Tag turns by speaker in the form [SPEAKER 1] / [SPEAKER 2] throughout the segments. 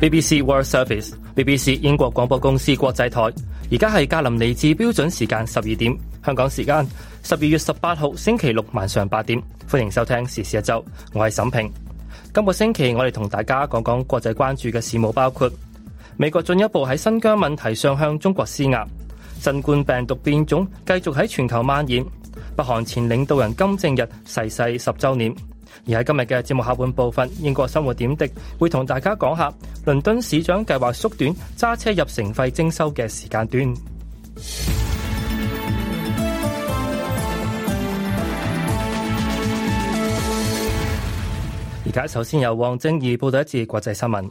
[SPEAKER 1] BBC World Service，BBC 英國廣播公司國際台。而家係格林尼治標準時間十二點，香港時間十二月十八號星期六晚上八點，歡迎收聽時事一周。我係沈平。今個星期我哋同大家講講國際關注嘅事務，包括美國進一步喺新疆問題上向中國施壓，新冠病毒變種繼續喺全球蔓延，北韓前領導人金正日逝世十週年。而喺今日嘅節目下半部分，英國生活點滴會同大家講下倫敦市長計劃縮短揸車入城費徵收嘅時間段。而家首先由王晶儀報道一節國際新聞。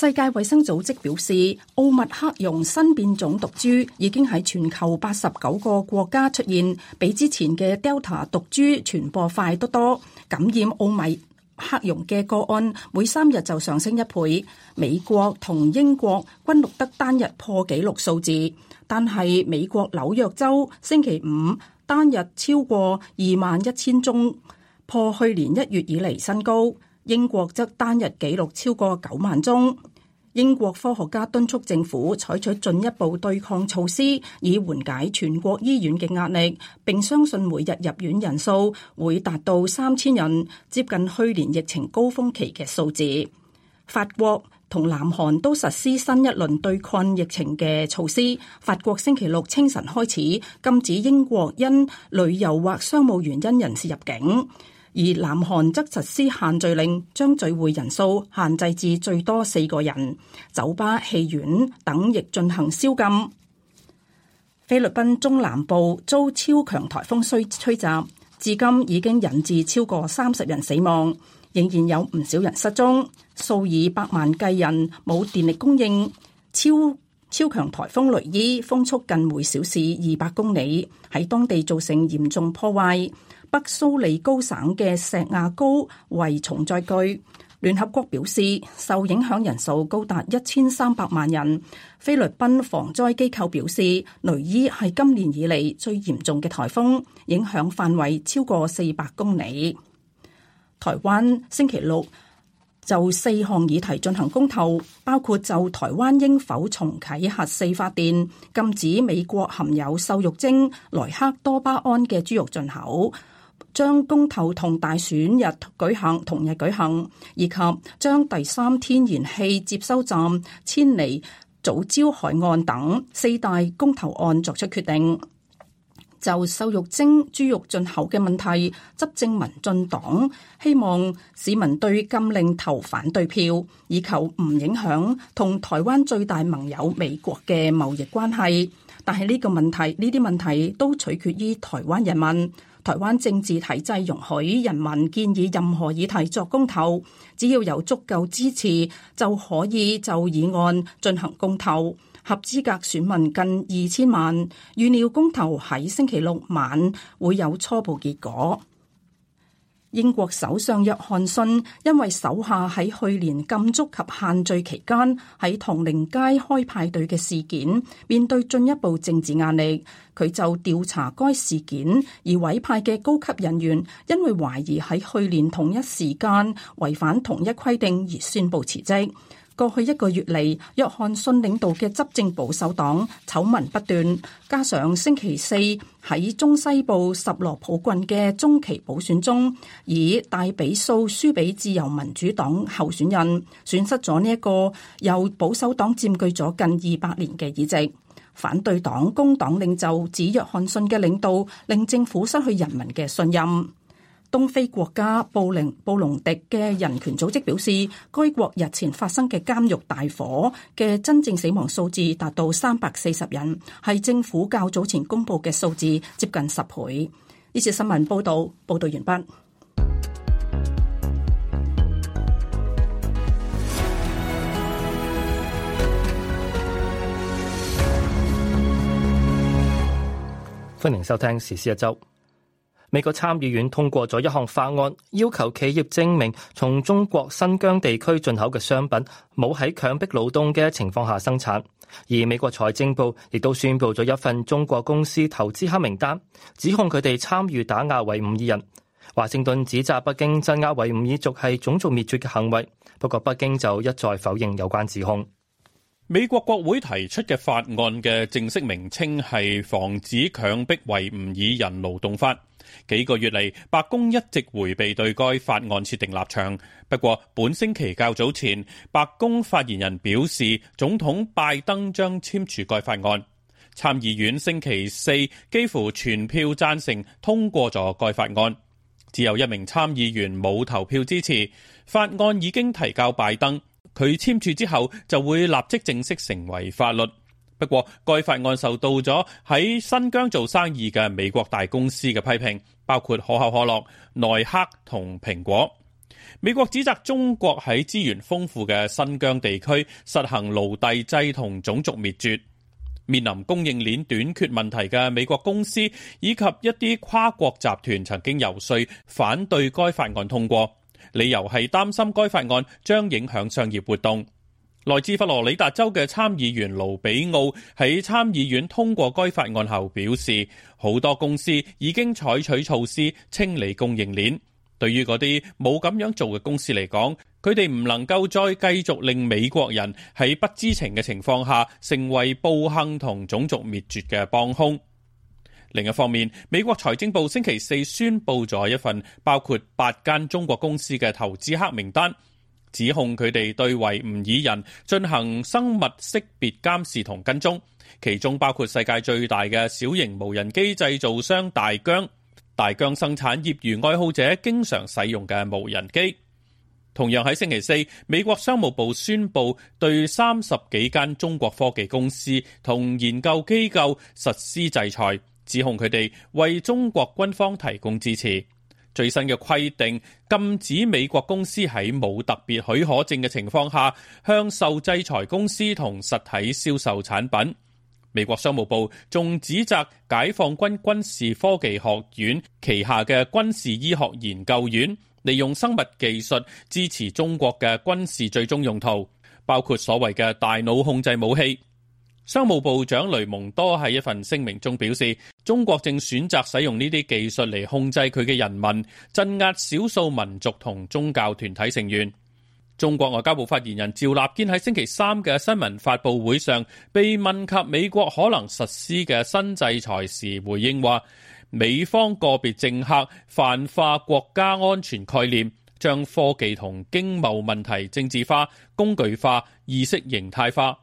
[SPEAKER 2] 世界衛生組織表示，奧密克戎新變種毒株已經喺全球八十九個國家出現，比之前嘅 Delta 毒株傳播快得多。感染奧密克戎嘅個案每三日就上升一倍。美國同英國均錄得單日破紀錄數字，但係美國紐約州星期五單日超過二萬一千宗，破去年一月以嚟新高；英國則單日紀錄超過九萬宗。英國科學家敦促政府採取進一步對抗措施，以緩解全國醫院嘅壓力，並相信每日入院人數會達到三千人，接近去年疫情高峰期嘅數字。法國同南韓都實施新一輪對抗疫情嘅措施。法國星期六清晨開始禁止英國因旅遊或商務原因人士入境。而南韓則實施限聚令，將聚會人數限制至最多四個人；酒吧、戲院等亦進行宵禁。菲律賓中南部遭超強台風吹吹襲，至今已經引致超過三十人死亡，仍然有唔少人失蹤，數以百萬計人冇電力供應。超超強台風雷伊，風速近每小時二百公里，喺當地造成嚴重破壞。北蘇里高省嘅錫亞高為重災區。聯合國表示，受影響人數高達一千三百萬人。菲律賓防災機構表示，雷伊係今年以嚟最嚴重嘅台風，影響範圍超過四百公里。台灣星期六就四項議題進行公投，包括就台灣應否重啟核四發電、禁止美國含有瘦肉精、萊克多巴胺嘅豬肉進口。將公投同大選日舉行同日舉行，以及將第三天然氣接收站遷離藻礁海岸等四大公投案作出決定。就瘦肉精豬肉進口嘅問題，執政民進黨希望市民對禁令投反對票，以求唔影響同台灣最大盟友美國嘅貿易關係。但係呢個問題，呢啲問題都取決於台灣人民。台灣政治體制容許人民建議任何議題作公投，只要有足夠支持，就可以就議案進行公投。合資格選民近二千萬，預料公投喺星期六晚會有初步結果。英國首相約翰遜因為手下喺去年禁足及限聚期間喺唐寧街開派對嘅事件，面對進一步政治壓力，佢就調查該事件，而委派嘅高級人員因為懷疑喺去年同一時間違反同一規定而宣布辭職。過去一個月嚟，約翰遜領導嘅執政保守黨醜聞不斷，加上星期四喺中西部什羅普郡嘅中期補選中以大比數輸俾自由民主黨候選人，損失咗呢一個由保守黨佔據咗近二百年嘅議席。反對黨工黨領袖指約翰遜嘅領導令政府失去人民嘅信任。東非國家布靈布隆迪嘅人權組織表示，該國日前發生嘅監獄大火嘅真正死亡數字達到三百四十人，係政府較早前公布嘅數字接近十倍。呢次新聞報道報道完畢。
[SPEAKER 1] 歡迎收聽時事一周。美國參議院通過咗一項法案，要求企業證明從中國新疆地區進口嘅商品冇喺強迫勞動嘅情況下生產。而美國財政部亦都宣佈咗一份中國公司投資黑名單，指控佢哋參與打壓維吾爾人。華盛頓指責北京鎮壓維吾爾族係種族滅絕嘅行為，不過北京就一再否認
[SPEAKER 3] 有關指控。美國國會提出嘅法案嘅正式名稱係防止強迫維吾爾人勞動法。幾個月嚟，白宮一直迴避對該法案設定立場。不過，本星期較早前，白宮發言人表示，總統拜登將簽署該法案。參議院星期四幾乎全票贊成通過咗該法案，只有一名參議員冇投票支持。法案已經提交拜登。佢簽署之後就會立即正式成為法律。不過，該法案受到咗喺新疆做生意嘅美國大公司嘅批評，包括可口可樂、耐克同蘋果。美國指責中國喺資源豐富嘅新疆地區實行奴隸制同種族滅絕，面臨供應鏈短缺問題嘅美國公司以及一啲跨國集團曾經遊說反對該法案通過。理由係擔心該法案將影響商業活動。來自佛羅里達州嘅參議員盧比奧喺參議院通過該法案後表示，好多公司已經採取措施清理供應鏈。對於嗰啲冇咁樣做嘅公司嚟講，佢哋唔能夠再繼續令美國人喺不知情嘅情況下成為暴行同種族滅絕嘅幫凶。另一方面，美國財政部星期四宣布咗一份包括八間中國公司嘅投資黑名單，指控佢哋對維吾爾人進行生物識別監視同跟蹤，其中包括世界最大嘅小型無人機製造商大疆。大疆生產業餘愛好者經常使用嘅無人機。同樣喺星期四，美國商務部宣布對三十幾間中國科技公司同研究機構實施制裁。指控佢哋為中國軍方提供支持。最新嘅規定禁止美國公司喺冇特別許可證嘅情況下向受制裁公司同實體銷售產品。美國商務部仲指責解放軍軍事科技學院旗下嘅軍事醫學研究院利用生物技術支持中國嘅軍事最終用途，包括所謂嘅大腦控制武器。商務部長雷蒙多喺一份聲明中表示，中國正選擇使用呢啲技術嚟控制佢嘅人民，鎮壓少數民族同宗教團體成員。中國外交部發言人趙立堅喺星期三嘅新聞發佈會上被問及美國可能實施嘅新制裁時，回應話美方個別政客泛化國家安全概念，將科技同經貿問題政治化、工具化、意識形態化。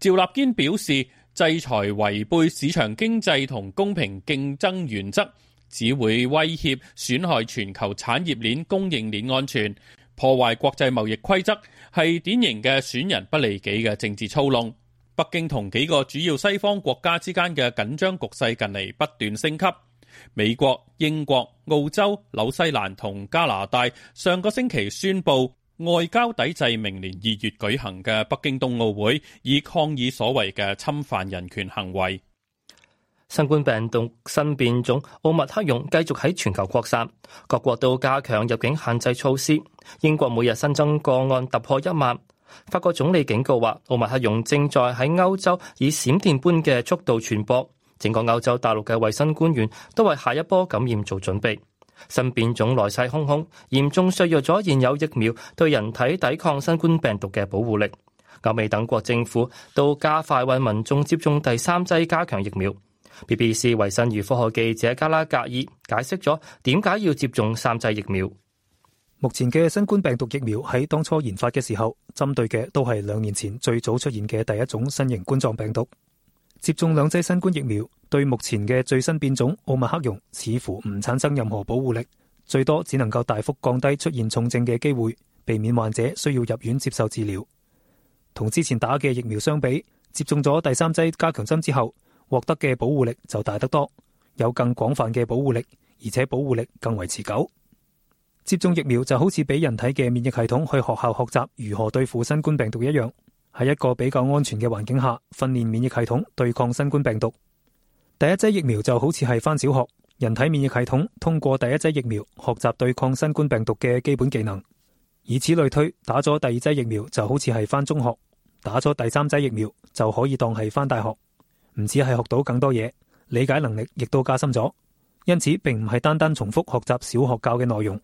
[SPEAKER 3] 趙立堅表示，制裁違背市場經濟同公平競爭原則，只會威脅、損害全球產業鏈、供應鏈安全，破壞國際貿易規則，係典型嘅損人不利己嘅政治操弄。北京同幾個主要西方國家之間嘅緊張局勢近嚟，不斷升級。美國、英國、澳洲、紐西蘭同加拿大上個星期宣布外交抵制明年二月舉行嘅北京冬奧會，以抗議所謂嘅侵犯人權行為。
[SPEAKER 1] 新冠病毒新變種奧密克戎繼續喺全球擴散，各國都加強入境限制措施。英國每日新增個案突破一萬，法國總理警告話奧密克戎正在喺歐洲以閃電般嘅速度傳播，整個歐洲大陸嘅衛生官員都為下一波感染做準備。新變種來勢洶洶，嚴重削弱咗現有疫苗對人體抵抗新冠病毒嘅保護力。歐美等國政府都加快為民眾接種第三劑加強疫苗。BBC 衛生與科學記者加拉格爾解釋咗點解要接種三劑疫苗。
[SPEAKER 4] 目前嘅新冠病毒疫苗喺當初研發嘅時候，針對嘅都係兩年前最早出現嘅第一種新型冠狀病毒。接種兩劑新冠疫苗，對目前嘅最新變種奧密克戎，似乎唔產生任何保護力，最多只能夠大幅降低出現重症嘅機會，避免患者需要入院接受治療。同之前打嘅疫苗相比，接種咗第三劑加強針之後，獲得嘅保護力就大得多，有更廣泛嘅保護力，而且保護力更為持久。接種疫苗就好似俾人體嘅免疫系統去學校學習如何對付新冠病毒一樣，喺一個比較安全嘅環境下訓練免疫系統對抗新冠病毒。第一劑疫苗就好似係返小學，人體免疫系統通過第一劑疫苗學習對抗新冠病毒嘅基本技能。以此類推，打咗第二劑疫苗就好似係返中學，打咗第三劑疫苗就可以當係返大學。唔止係學到更多嘢，理解能力亦都加深咗。因此，並唔係單單重複學習小學教嘅內容。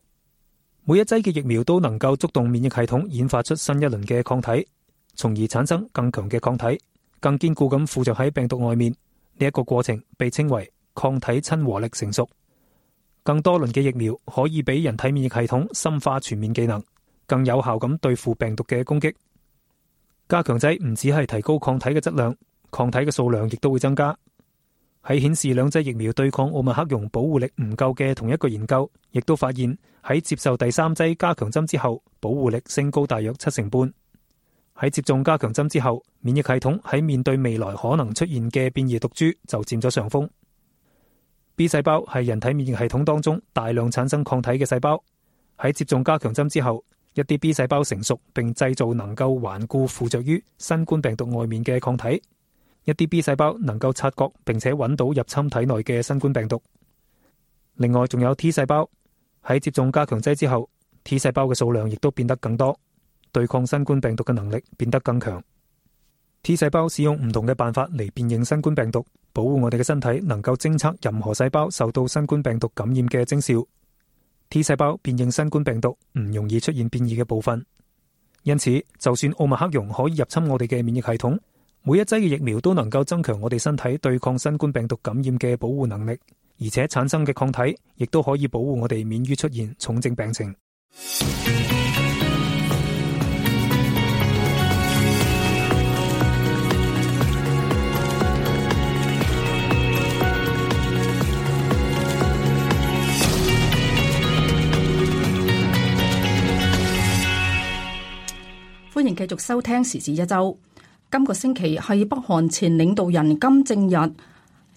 [SPEAKER 4] 每一劑嘅疫苗都能夠觸動免疫系統，演化出新一輪嘅抗體，從而產生更強嘅抗體，更堅固咁附着喺病毒外面。呢一個過程被稱為抗體親和力成熟，更多輪嘅疫苗可以俾人體免疫系統深化全面技能，更有效咁對付病毒嘅攻擊。加強劑唔止係提高抗體嘅質量，抗體嘅數量亦都會增加。喺顯示兩劑疫苗對抗奧密克戎保護力唔夠嘅同一個研究，亦都發現喺接受第三劑加強針之後，保護力升高大約七成半。喺接種加強針之後，免疫系統喺面對未來可能出現嘅變異毒株就佔咗上風。B 細胞係人體免疫系統當中大量產生抗體嘅細胞。喺接種加強針之後，一啲 B 細胞成熟並製造能夠頑固附着於新冠病毒外面嘅抗體。一啲 B 細胞能夠察覺並且揾到入侵體內嘅新冠病毒。另外，仲有 T 細胞。喺接種加強劑之後，T 細胞嘅數量亦都變得更多。對抗新冠病毒嘅能力變得更強。T 細胞使用唔同嘅辦法嚟辨認新冠病毒，保護我哋嘅身體能夠偵測任何細胞受到新冠病毒感染嘅徵兆。T 細胞辨認新冠病毒唔容易出現變異嘅部分，因此就算奧密克戎可以入侵我哋嘅免疫系統，每一劑嘅疫苗都能夠增強我哋身體對抗新冠病毒感染嘅保護能力，而且產生嘅抗體亦都可以保護我哋免於出現重症病情。
[SPEAKER 2] 歡迎繼續收聽時事一周。今個星期係北韓前領導人金正日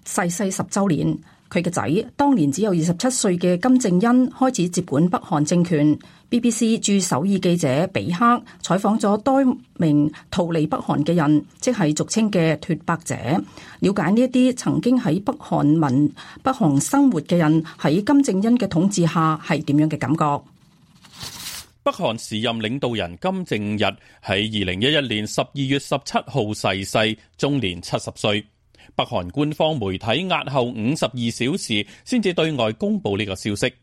[SPEAKER 2] 逝世十周年。佢嘅仔當年只有二十七歲嘅金正恩開始接管北韓政權。BBC 駐首爾記者比克採訪咗多名逃離北韓嘅人，即係俗稱嘅脫北者，了解呢一啲曾經喺北韓民北韓生活嘅人喺金正恩嘅統治下係點樣嘅感覺。
[SPEAKER 3] 北韓時任領導人金正日喺二零一一年十二月十七號逝世，終年七十歲。北韓官方媒體押後五十二小時先至對外公布呢個消息。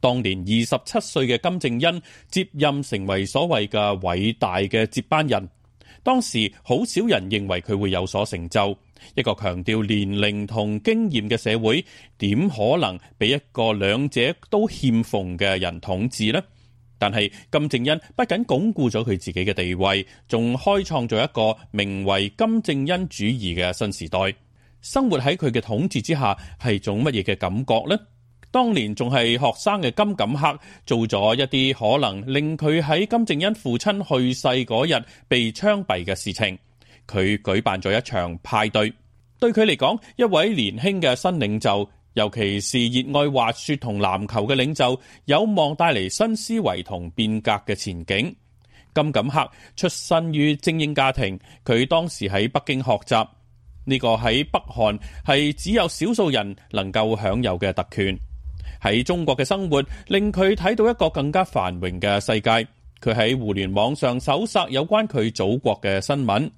[SPEAKER 3] 當年二十七歲嘅金正恩接任成為所謂嘅偉大嘅接班人，當時好少人認為佢會有所成就。一個強調年齡同經驗嘅社會，點可能俾一個兩者都欠奉嘅人統治呢？但係金正恩不僅鞏固咗佢自己嘅地位，仲開創咗一個名為金正恩主義嘅新時代。生活喺佢嘅統治之下，係種乜嘢嘅感覺呢？當年仲係學生嘅金錦克做咗一啲可能令佢喺金正恩父親去世嗰日被槍斃嘅事情。佢舉辦咗一場派對，對佢嚟講，一位年輕嘅新領袖。尤其是熱愛滑雪同籃球嘅領袖，有望帶嚟新思維同變革嘅前景。金錦克出身於精英家庭，佢當時喺北京學習，呢個喺北韓係只有少數人能夠享有嘅特權。喺中國嘅生活令佢睇到一個更加繁榮嘅世界。佢喺互聯網上搜索有關佢祖國嘅新聞，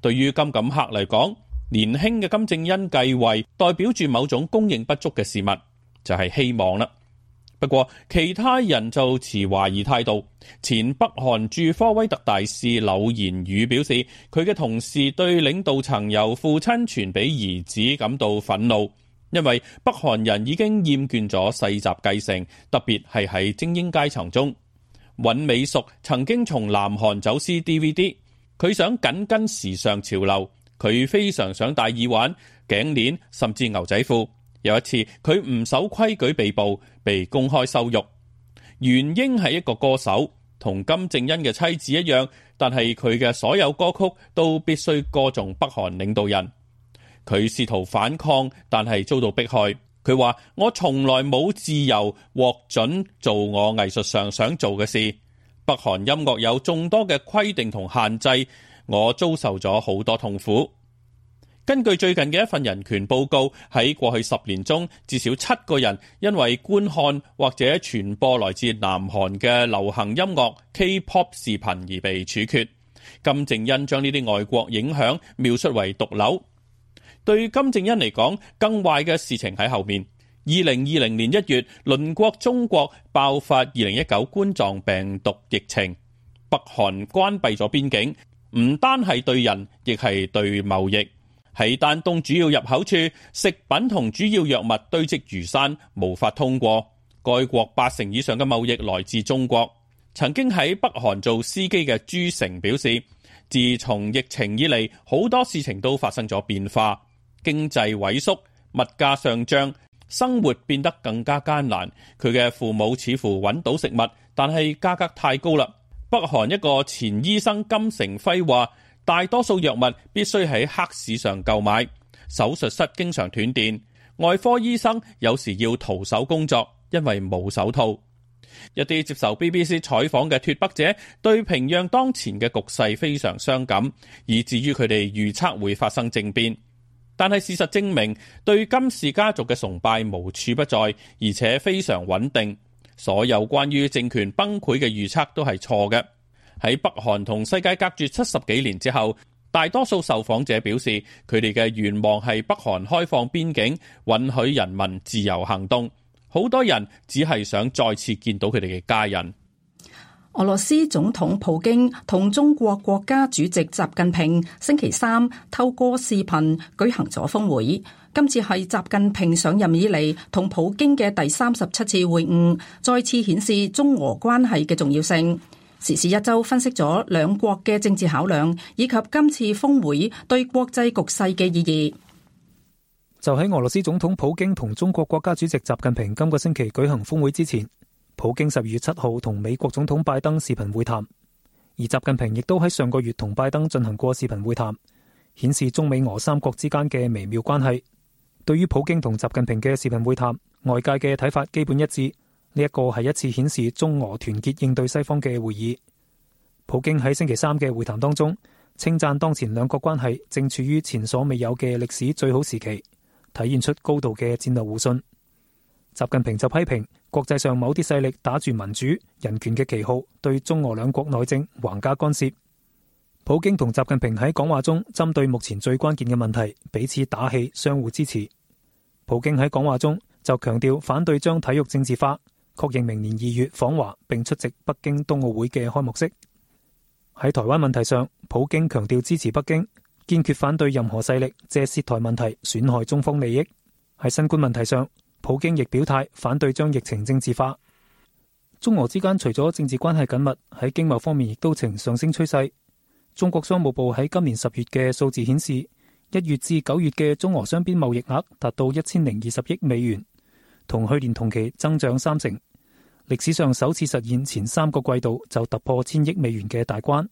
[SPEAKER 3] 對於金錦克嚟講。年輕嘅金正恩繼位，代表住某種供應不足嘅事物，就係希望啦。不過其他人就持懷疑態度。前北韓駐科威特大使柳賢宇表示，佢嘅同事對領導層由父親傳俾兒子感到憤怒，因為北韓人已經厭倦咗世襲繼承，特別係喺精英階層中。尹美淑曾經從南韓走私 DVD，佢想緊跟時尚潮流。佢非常想戴耳環、頸鏈，甚至牛仔褲。有一次，佢唔守規矩被捕，被公開羞辱。元英係一個歌手，同金正恩嘅妻子一樣，但係佢嘅所有歌曲都必須歌頌北韓領導人。佢試圖反抗，但係遭到迫害。佢話：我從來冇自由獲准做我藝術上想做嘅事。北韓音樂有眾多嘅規定同限制。我遭受咗好多痛苦。根據最近嘅一份人權報告，喺過去十年中，至少七個人因為觀看或者傳播來自南韓嘅流行音樂 K-pop 視頻而被處決。金正恩將呢啲外國影響描述為毒瘤。對金正恩嚟講，更壞嘅事情喺後面。二零二零年一月，鄰國中國爆發二零一九冠狀病毒疫情，北韓關閉咗邊境。唔單係對人，亦係對貿易。喺丹東主要入口處，食品同主要藥物堆積如山，無法通過。該國八成以上嘅貿易來自中國。曾經喺北韓做司機嘅朱成表示，自從疫情以嚟，好多事情都發生咗變化，經濟萎縮，物價上漲，生活變得更加艱難。佢嘅父母似乎揾到食物，但係價格太高啦。北韓一個前醫生金成輝話，大多數藥物必須喺黑市上購買，手術室經常斷電，外科醫生有時要徒手工作，因為冇手套。一啲接受 BBC 採訪嘅脫北者對平壤當前嘅局勢非常傷感，以至於佢哋預測會發生政變，但係事實證明，對金氏家族嘅崇拜無處不在，而且非常穩定。所有關於政權崩潰嘅預測都係錯嘅。喺北韓同世界隔絕七十幾年之後，大多數受訪者表示，佢哋嘅願望係北韓開放邊境，允許人民自由行動。好多人只係想再次見到佢哋嘅家人。
[SPEAKER 2] 俄羅斯總統普京同中國國家主席習近平星期三透過視頻舉行咗峰會。今次係習近平上任以嚟同普京嘅第三十七次會晤，再次顯示中俄關係嘅重要性。時事一周分析咗兩國嘅政治考量，以及今次峰會對國際局勢嘅意義。
[SPEAKER 4] 就喺俄羅斯總統普京同中國國家主席習近平今個星期舉行峰會之前，普京十二月七號同美國總統拜登視頻會談，而習近平亦都喺上個月同拜登進行過視頻會談，顯示中美俄三國之間嘅微妙關係。對於普京同習近平嘅視頻會談，外界嘅睇法基本一致，呢一個係一次顯示中俄團結應對西方嘅會議。普京喺星期三嘅會談當中，稱讚當前兩國關係正處於前所未有嘅歷史最好時期，體現出高度嘅戰略互信。習近平就批評國際上某啲勢力打住民主人權嘅旗號，對中俄兩國內政橫加干涉。普京同習近平喺講話中針對目前最關鍵嘅問題彼此打氣，相互支持。普京喺講話中就強調反對將體育政治化，確認明年二月訪華並出席北京冬奧會嘅開幕式。喺台灣問題上，普京強調支持北京，堅決反對任何勢力借涉台問題損害中方利益。喺新冠問題上，普京亦表態反對將疫情政治化。中俄之間除咗政治關係緊密，喺經貿方面亦都呈上升趨勢。中國商務部喺今年十月嘅數字顯示，一月至九月嘅中俄雙邊貿易額達到一千零二十億美元，同去年同期增長三成，歷史上首次實現前三個季度就突破千億美元嘅大關。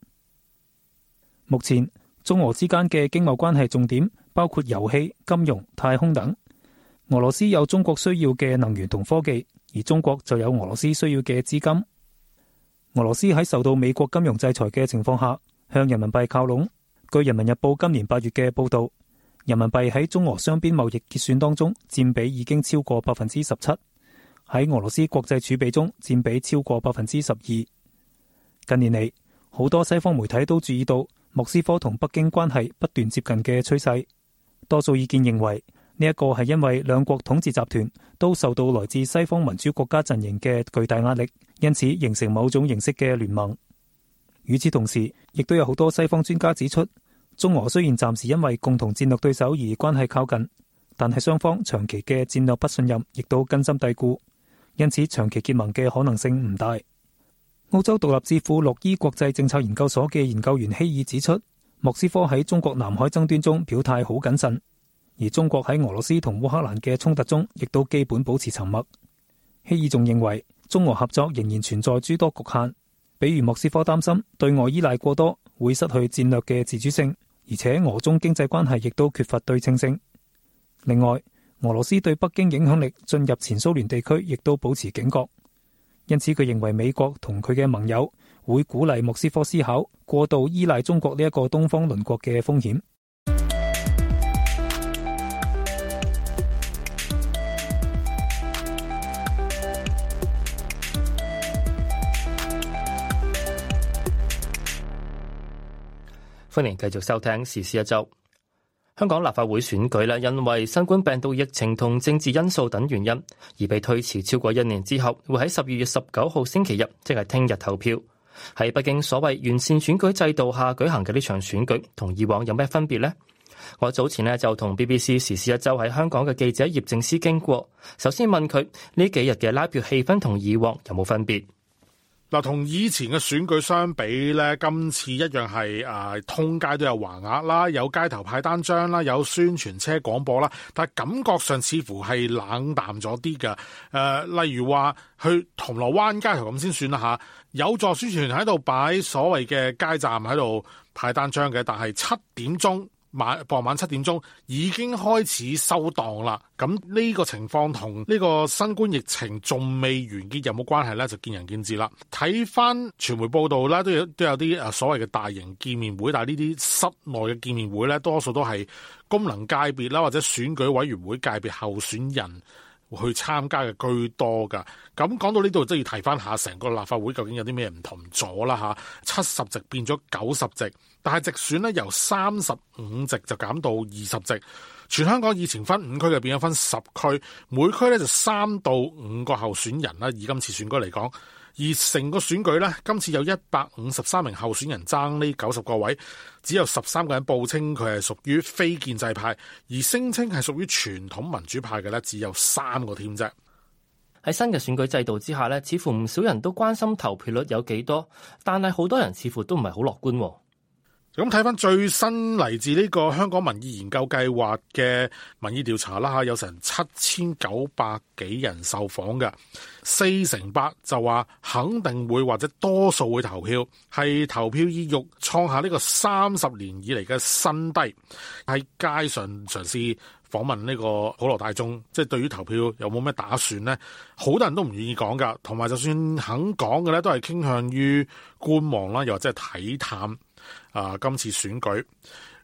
[SPEAKER 4] 目前，中俄之間嘅經貿關係重點包括油氣、金融、太空等。俄羅斯有中國需要嘅能源同科技，而中國就有俄羅斯需要嘅資金。俄羅斯喺受到美國金融制裁嘅情況下，向人民幣靠攏。據《人民日報》今年八月嘅報道，人民幣喺中俄雙邊貿易結算當中占比已經超過百分之十七，喺俄羅斯國際儲備中占比超過百分之十二。近年嚟，好多西方媒體都注意到莫斯科同北京關係不斷接近嘅趨勢，多數意見認為，呢一個係因為兩國統治集團都受到來自西方民主國家陣營嘅巨大壓力，因此形成某種形式嘅聯盟。與此同時，亦都有好多西方專家指出，中俄雖然暫時因為共同戰略對手而關係靠近，但係雙方長期嘅戰略不信任亦都根深蒂固，因此長期結盟嘅可能性唔大。澳洲獨立智庫洛伊國際政策研究所嘅研究員希爾指出，莫斯科喺中國南海爭端中表態好謹慎。而中國喺俄羅斯同烏克蘭嘅衝突中，亦都基本保持沉默。希爾仲認為，中俄合作仍然存在諸多局限，比如莫斯科擔心對外依賴過多會失去戰略嘅自主性，而且俄中經濟關係亦都缺乏對稱性。另外，俄羅斯對北京影響力進入前蘇聯地區，亦都保持警覺。因此，佢認為美國同佢嘅盟友會鼓勵莫斯科思考過度依賴中國呢一個東方鄰國嘅風險。
[SPEAKER 1] 今年繼續收聽時事一周。香港立法會選舉咧，因為新冠病毒疫情同政治因素等原因，而被推遲超過一年之後，會喺十二月十九號星期日，即係聽日投票。喺北京所謂完善選舉制度下舉行嘅呢場選舉，同以往有咩分別呢？我早前呢就同 BBC 時事一周喺香港嘅記者葉正思經過，首先問佢呢幾日嘅拉票氣氛同以往有冇分別？
[SPEAKER 5] 嗱，同以前嘅選舉相比呢，今次一樣係誒、呃、通街都有橫額啦，有街頭派單張啦，有宣傳車廣播啦，但係感覺上似乎係冷淡咗啲嘅。誒、呃，例如話去銅鑼灣街頭咁先算啦嚇，有座宣傳喺度擺所謂嘅街站喺度派單張嘅，但係七點鐘，晚傍晚七點鐘已經開始收檔啦，咁呢個情況同呢個新冠疫情仲未完結有冇關係呢？就見仁見智啦。睇翻傳媒報道啦，都有都有啲誒所謂嘅大型見面會，但係呢啲室內嘅見面會呢，多數都係功能界別啦，或者選舉委員會界別候選人去參加嘅居多噶。咁講到呢度，都、就係、要提翻下成個立法會究竟有啲咩唔同咗啦吓，七十席變咗九十席。但係直選呢，由三十五席就減到二十席。全香港以前分五區嘅，變咗分十區，每區呢就三到五個候選人啦。以今次選舉嚟講，而成個選舉呢，今次有一百五十三名候選人爭呢九十個位，只有十三個人報稱佢係屬於非建制派，而聲稱係屬於傳統民主派嘅，呢，只有三個添啫。喺新嘅選舉制度之下呢，似乎唔少人都關心投票率有幾多，但係好多人似乎都唔係好樂觀喎。咁睇翻最新嚟自呢個香港民意研究計劃嘅民意調查啦，吓有成七千九百幾人受訪嘅，四成八就話肯定會或者多數會投票，係投票意欲創下呢個三十年以嚟嘅新低。喺街上嘗試訪問呢個普羅大眾，即係對於投票有冇咩打算呢？好多人都唔願意講噶，同埋就算肯講嘅呢，都係傾向於觀望啦，又或者係睇淡。啊！今次選舉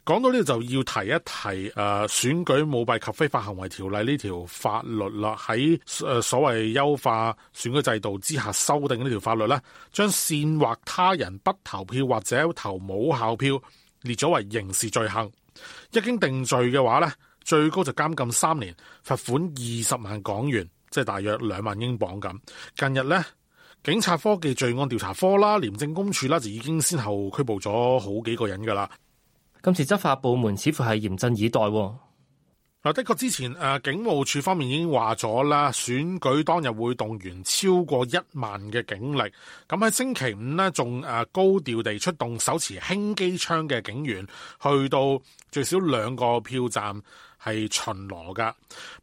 [SPEAKER 5] 講到呢度，就要提一提誒、啊，選舉舞弊及非法行為條例呢條法律啦。喺誒、呃、所謂優化選舉制度之下修訂呢條法律呢，將煽惑他人不投票或者投冇效票列咗為刑事罪行。一經定罪嘅話呢，最高就監禁三年，罰款二十萬港元，即係大約兩萬英鎊咁。近日呢。警察科技罪案調查科啦，廉政公署啦就已經先後拘捕咗好幾個人噶啦。今次執法部門似乎係嚴陣以待。嗱，的確之前誒警務處方面已經話咗啦，選舉當日會動員超過一萬嘅警力。咁喺星期五咧，仲誒高調地出動手持輕機槍嘅警員去到最少兩個票站係巡邏噶。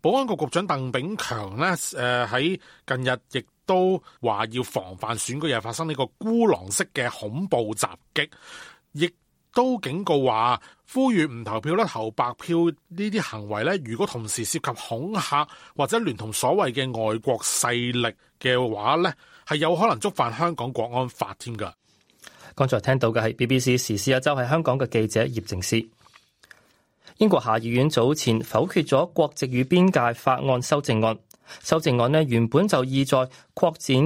[SPEAKER 5] 保安局局長鄧炳強咧誒喺近日亦。都話要防範選舉又發生呢個孤狼式嘅恐怖襲擊，亦都警告話呼籲唔投票咧，投白票呢啲行為咧，如果同時涉及恐嚇或者聯同所謂嘅外國勢力嘅話咧，係有可能觸犯香港國安法添噶
[SPEAKER 1] 剛才聽到嘅係 BBC 時事一周，係香港嘅記者葉靜思。英國下議院早前否決咗國籍與邊界法案修正案。修正案呢原本就意在擴展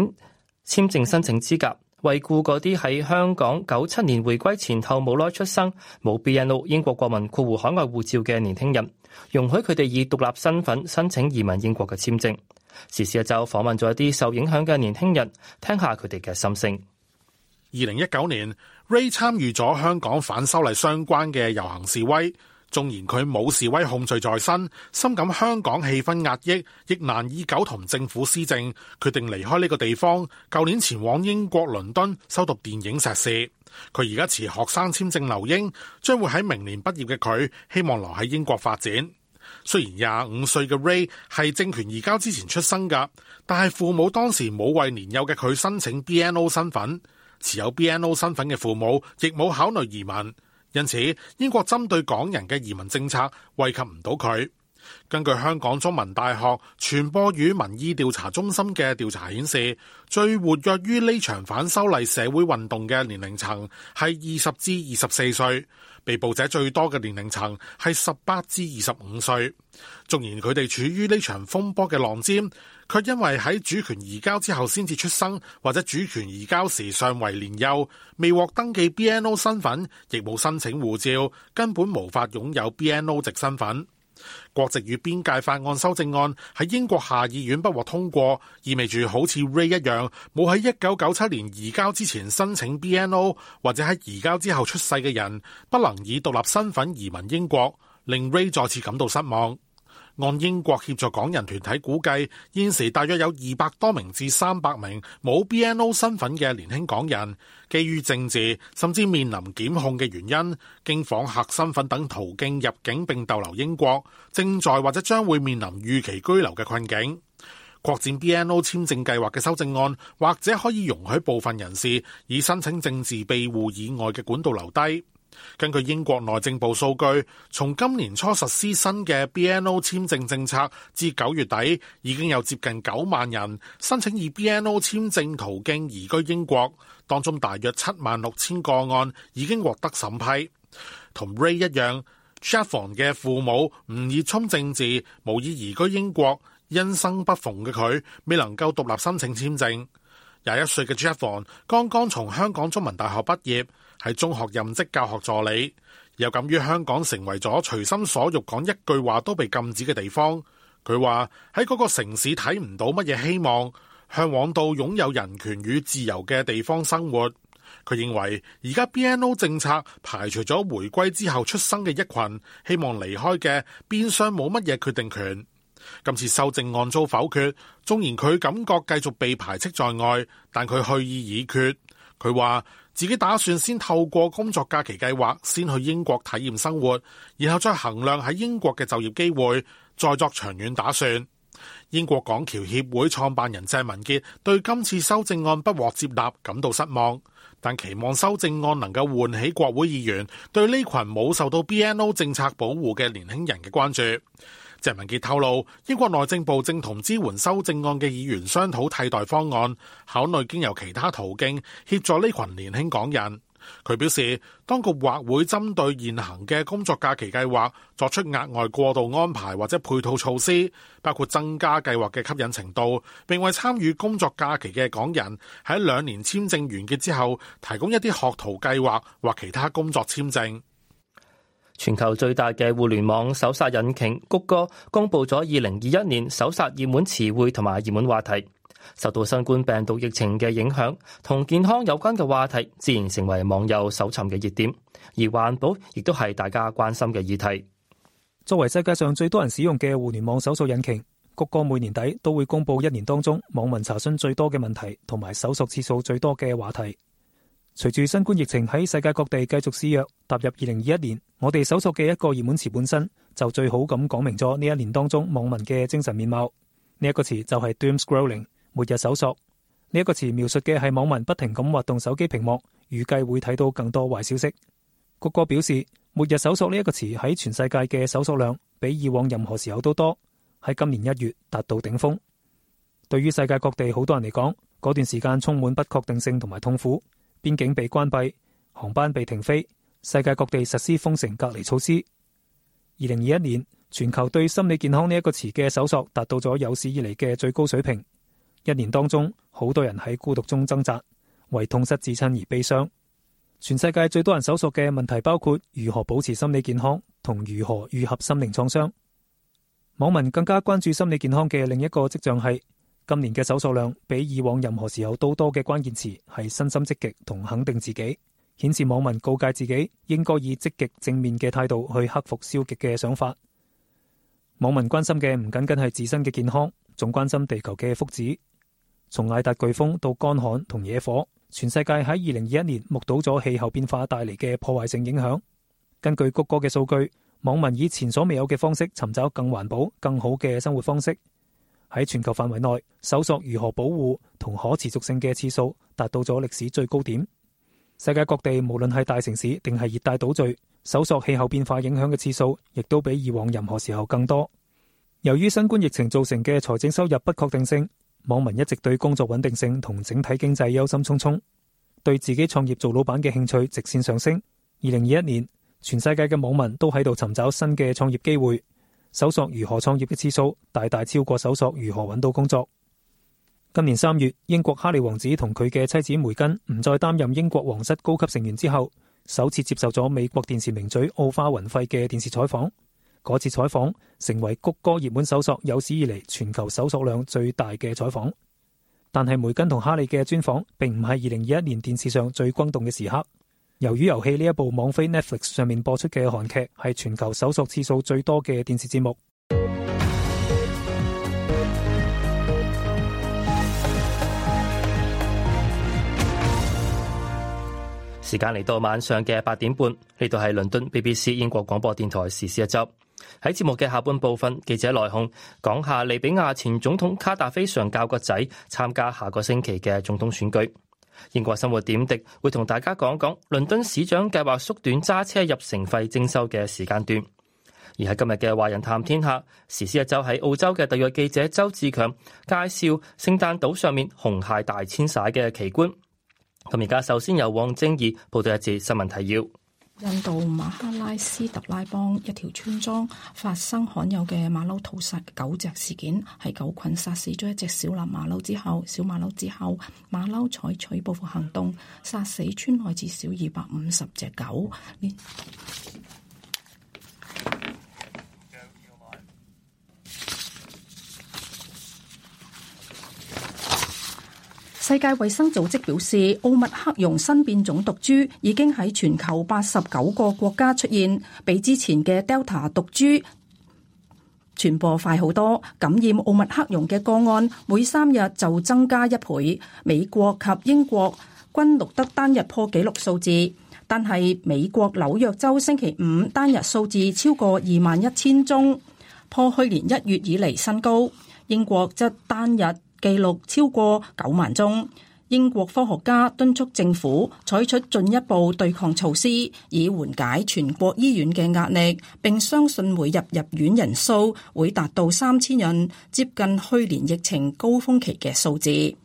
[SPEAKER 1] 簽證申請資格，為顧嗰啲喺香港九七年回歸前後冇耐出生、冇 BNO 英國國民括弧海外護照嘅年輕人，容許佢哋以獨立身份申請移民英國嘅簽證。時事一周訪問咗一啲受影響嘅年輕人，聽下佢哋嘅心聲。
[SPEAKER 5] 二零一九年，Ray 參與咗香港反修例相關嘅遊行示威。縱然佢冇示威控罪在身，深感香港氣氛壓抑，亦難以苟同政府施政，決定離開呢個地方。舊年前往英國倫敦修讀電影碩士，佢而家持學生簽證留英，將會喺明年畢業嘅佢希望留喺英國發展。雖然廿五歲嘅 Ray 係政權移交之前出生㗎，但係父母當時冇為年幼嘅佢申請 BNO 身份，持有 BNO 身份嘅父母亦冇考慮移民。因此，英國針對港人嘅移民政策惠及唔到佢。根據香港中文大學傳播與民意調查中心嘅調查顯示，最活躍於呢場反修例社會運動嘅年齡層係二十至二十四歲。被捕者最多嘅年齡層係十八至二十五歲，縱然佢哋處於呢場風波嘅浪尖，卻因為喺主權移交之後先至出生，或者主權移交時尚為年幼，未獲登記 BNO 身份，亦冇申請護照，根本無法擁有 BNO 籍身份。國籍與邊界法案修正案喺英國下議院不獲通過，意味住好似 Ray 一樣冇喺一九九七年移交之前申請 BNO 或者喺移交之後出世嘅人，不能以獨立身份移民英國，令 Ray 再次感到失望。按英國協助港人團體估計，現時大約有二百多名至三百名冇 BNO 身份嘅年輕港人，基於政治甚至面臨檢控嘅原因，經訪客身份等途徑入境並逗留英國，正在或者將會面臨逾期居留嘅困境。擴展 BNO 簽證計劃嘅修正案，或者可以容許部分人士以申請政治庇護以外嘅管道留低。根據英國內政部數據，從今年初實施新嘅 BNO 簽證政策至九月底，已經有接近九萬人申請以 BNO 簽證途徑移居英國，當中大約七萬六千個案已經獲得審批。同 Ray 一樣，Jeffrey 嘅父母唔熱衷政治，無意移居英國，因生不逢嘅佢未能夠獨立申請簽證。廿一歲嘅 Jeffrey 剛剛從香港中文大學畢業。係中學任職教學助理，又敢於香港成為咗隨心所欲講一句話都被禁止嘅地方。佢話喺嗰個城市睇唔到乜嘢希望，嚮往到擁有人權與自由嘅地方生活。佢認為而家 BNO 政策排除咗回歸之後出生嘅一群，希望離開嘅變相冇乜嘢決定權。今次修正案遭否決，縱然佢感覺繼續被排斥在外，但佢去意已決。佢話。自己打算先透過工作假期計劃先去英國體驗生活，然後再衡量喺英國嘅就業機會，再作長遠打算。英國港橋協會創辦人鄭文傑對今次修正案不獲接納感到失望，但期望修正案能夠喚起國會議員對呢群冇受到 BNO 政策保護嘅年輕人嘅關注。鄭文傑透露，英國內政部正同支援修正案嘅議員商討替代方案，考慮經由其他途徑協助呢群年輕港人。佢表示，當局或會針對現行嘅工作假期計劃作出額外過渡安排或者配套措施，包括增加計劃嘅吸引程度，並為參與工作假期嘅港人喺兩年簽證完結之後提供一啲學徒計劃或其他工作簽證。
[SPEAKER 1] 全球最大嘅互聯網搜索引擎谷歌公布咗二零二一年搜索熱門詞彙同埋熱門話題。受到新冠病毒疫情嘅影響，同健康有關嘅話題自然成為網友搜尋嘅熱點。而環保亦都係
[SPEAKER 4] 大家關心嘅議題。作為世界上最多人使用嘅互聯網搜索引擎，谷歌每年底都會公布一年當中網民查詢最多嘅問題同埋搜索次數最多嘅話題。隨住新冠疫情喺世界各地繼續肆虐，踏入二零二一年。我哋搜索嘅一個熱門詞本身就最好咁講明咗呢一年當中網民嘅精神面貌。呢一個詞就係 doom scrolling，末日搜索。呢一個詞描述嘅係網民不停咁滑動手機屏幕，預計會睇到更多壞消息。谷歌表示，末日搜索呢一個詞喺全世界嘅搜索量比以往任何時候都多，喺今年一月達到頂峰。對於世界各地好多人嚟講，嗰段時間充滿不確定性同埋痛苦，邊境被關閉，航班被停飛。世界各地實施封城隔離措施。二零二一年，全球對心理健康呢一個詞嘅搜索達到咗有史以嚟嘅最高水平。一年當中，好多人喺孤獨中掙扎，為痛失至親而悲傷。全世界最多人搜索嘅問題包括如何保持心理健康同如何癒合心靈創傷。網民更加關注心理健康嘅另一個跡象係今年嘅搜索量比以往任何時候都多嘅關鍵詞係身心積極同肯定自己。顯示網民告誡自己應該以積極正面嘅態度去克服消極嘅想法。網民關心嘅唔僅僅係自身嘅健康，仲關心地球嘅福祉。從艾達颶風到乾旱同野火，全世界喺二零二一年目睹咗氣候變化帶嚟嘅破壞性影響。根據谷歌嘅數據，網民以前所未有嘅方式尋找更環保、更好嘅生活方式。喺全球範圍內，搜索如何保護同可持續性嘅次數達到咗歷史最高點。世界各地，無論係大城市定係熱帶島嶼，搜索氣候變化影響嘅次數，亦都比以往任何時候更多。由於新冠疫情造成嘅財政收入不確定性，網民一直對工作穩定性同整體經濟憂心忡忡，對自己創業做老闆嘅興趣直線上升。二零二一年，全世界嘅網民都喺度尋找新嘅創業機會，搜索如何創業嘅次數大大超過搜索如何搵到工作。今年三月，英國哈利王子同佢嘅妻子梅根唔再擔任英國皇室高級成員之後，首次接受咗美國電視名嘴奧花雲費嘅電視採訪。嗰次採訪成為谷歌熱門搜索有史以嚟全球搜索量最大嘅採訪。但係梅根同哈利嘅專訪並唔係二零二一年電視上最轟動嘅時刻。魷魚遊戲呢一部網飛 Netflix 上面播出嘅韓劇係全球搜索次數最多嘅電視節目。
[SPEAKER 1] 時間嚟到晚上嘅八點半，呢度係倫敦 BBC 英國廣播電台「時事一周」。喺節目嘅下半部分，記者來鴻講下利比亞前總統卡達菲上校個仔參加下個星期嘅總統選舉。英國生活點滴會同大家講講倫敦市長計劃縮短揸車入城費徵收嘅時間段。而喺今日嘅華人談天下《時事一周》喺澳洲嘅特約記者周志強介紹聖誕島上面紅蟹大遷徙嘅奇觀。咁而家首先由汪正意報道一次新聞提要。
[SPEAKER 2] 印度馬哈拉斯特拉邦一條村莊發生罕有嘅馬騮屠殺狗隻事件，係狗群殺死咗一隻小藍馬騮之後，小馬騮之後，馬騮採取報復行動，殺死村內至少二百五十隻狗。世界衛生組織表示，奧密克戎新變種毒株已經喺全球八十九個國家出現，比之前嘅 Delta 毒株傳播快好多。感染奧密克戎嘅個案每三日就增加一倍。美國及英國均錄得單日破紀錄數字，但係美國紐約州星期五單日數字超過二萬一千宗，破去年一月以嚟新高。英國則單日記錄超過九萬宗。英國科學家敦促政府採取進一步對抗措施，以緩解全國醫院嘅壓力，並相信每入入院人數會達到三千人，接近去年疫情高峰期嘅數字。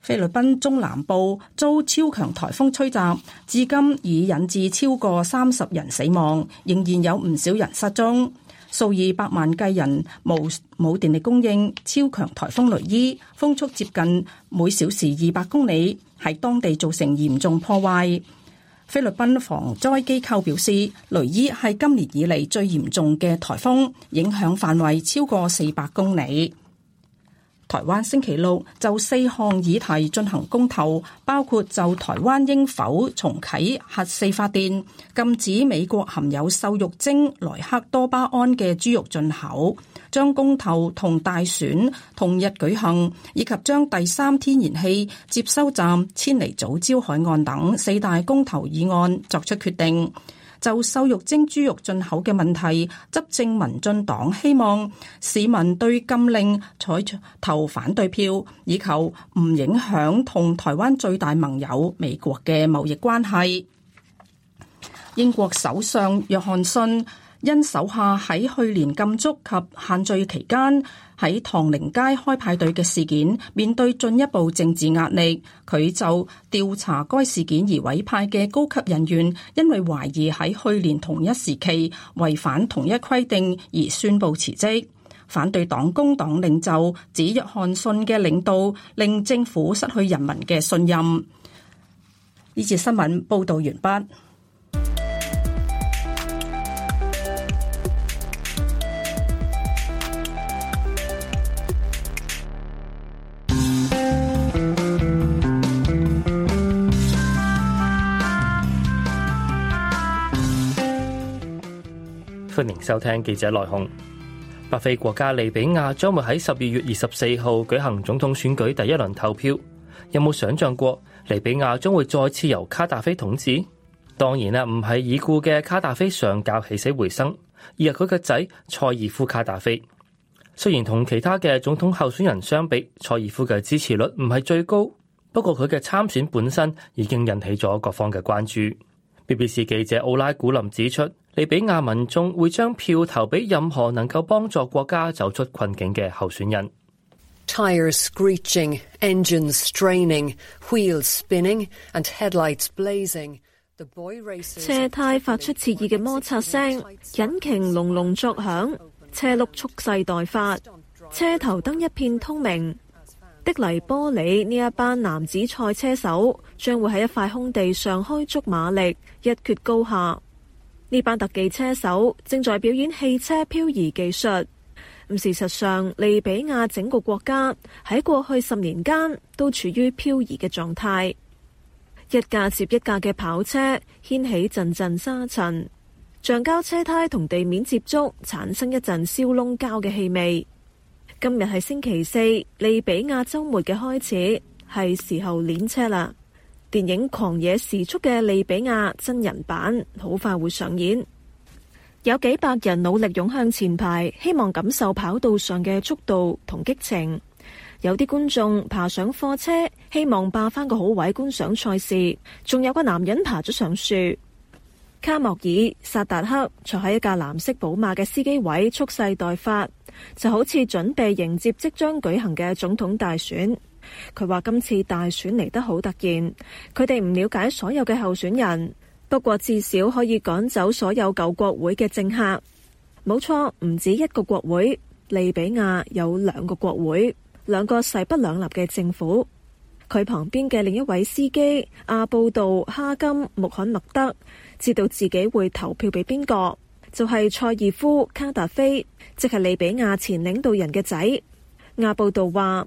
[SPEAKER 2] 菲律賓中南部遭超強颱風吹襲，至今已引致超過三十人死亡，仍然有唔少人失蹤。數以百萬計人無冇電力供應，超強颱風雷伊風速接近每小時二百公里，喺當地造成嚴重破壞。菲律賓防災機構表示，雷伊係今年以嚟最嚴重嘅颱風，影響範圍超過四百公里。台灣星期六就四項議題進行公投，包括就台灣應否重啟核四發電、禁止美國含有瘦肉精、萊克多巴胺嘅豬肉進口、將公投同大選同日舉行，以及將第三天然氣接收站遷離藻礁海岸等四大公投議案作出決定。就瘦肉精豬肉進口嘅問題，執政民進黨希望市民對禁令採取投反對票，以求唔影響同台灣最大盟友美國嘅貿易關係。英國首相約翰遜。因手下喺去年禁足及限聚期間喺唐寧街開派對嘅事件，面對進一步政治壓力，佢就調查該事件而委派嘅高級人員，因為懷疑喺去年同一時期違反同一規定而宣布辭職，反對黨工黨領袖指約翰遜嘅領導令政府失去人民嘅信任。呢節新聞報道完畢。
[SPEAKER 1] 歡迎收聽記者來鴻。北非國家利比亞將會喺十二月二十四號舉行總統選舉第一輪投票。有冇想象過，利比亞將會再次由卡達菲統治？當然啦，唔係已故嘅卡達菲上校起死回生，而係佢嘅仔賽義夫卡達菲。雖然同其他嘅總統候選人相比，賽義夫嘅支持率唔係最高，不過佢嘅參選本身已經引起咗各方嘅關注。BBC 記者奧拉古林指出。利比亞民眾會將票投俾任何能夠幫助國家走出困境嘅候
[SPEAKER 6] 選人。
[SPEAKER 2] 車胎
[SPEAKER 6] 發出刺耳嘅摩擦聲，引擎隆隆作響，車轆蓄勢待發，車頭燈一片通明。的黎波里呢一班男子賽車手將會喺一塊空地上開足馬力，一決高下。呢班特技車手正在表演汽車漂移技術。咁事實上，利比亞整個國家喺過去十年間都處於漂移嘅狀態。一架接一架嘅跑車掀起陣陣沙塵，橡膠車胎同地面接觸產生一陣燒窿膠嘅氣味。今日係星期四，利比亞周末嘅開始，係時候練車啦。電影《狂野時速》嘅利比亞真人版好快會上演，有幾百人努力湧向前排，希望感受跑道上嘅速度同激情。有啲觀眾爬上貨車，希望霸翻個好位觀賞賽事。仲有個男人爬咗上樹。卡莫爾·薩達克坐喺一架藍色寶馬嘅司機位，蓄勢待發，就好似準備迎接即將舉行嘅總統大選。佢話今次大選嚟得好突然，佢哋唔了解所有嘅候選人，不過至少可以趕走所有舊國會嘅政客。冇錯，唔止一個國會，利比亞有兩個國會，兩個勢不兩立嘅政府。佢旁邊嘅另一位司機阿布杜哈金穆罕默德知道自己會投票俾邊個，就係賽義夫卡達菲，即係利比亞前領導人嘅仔。阿布杜話。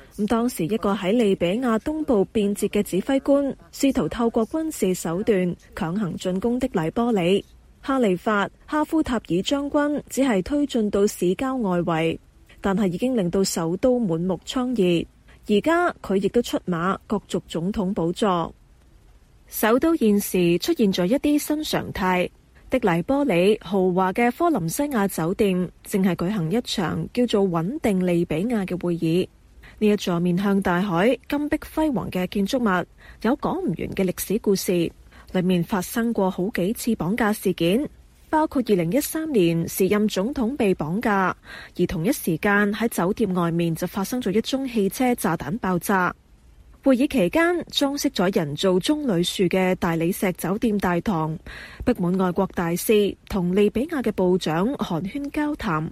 [SPEAKER 6] 當時一個喺利比亞東部變節嘅指揮官，試圖透過軍事手段強行進攻的黎波里。哈利法哈夫塔爾將軍只係推進到市郊外圍，但係已經令到首都滿目瘡痍。而家佢亦都出馬角逐總統寶座。首都現時出現咗一啲新常態。的黎波里豪華嘅科林西亞酒店正係舉行一場叫做穩定利比亞嘅會議。呢一座面向大海、金碧輝煌嘅建築物，有講唔完嘅歷史故事。裏面發生過好幾次綁架事件，包括二零一三年時任總統被綁架，而同一時間喺酒店外面就發生咗一宗汽車炸彈爆炸。會議期間，裝飾咗人造棕櫚樹嘅大理石酒店大堂，逼滿外國大使同利比亞嘅部長寒暄交談。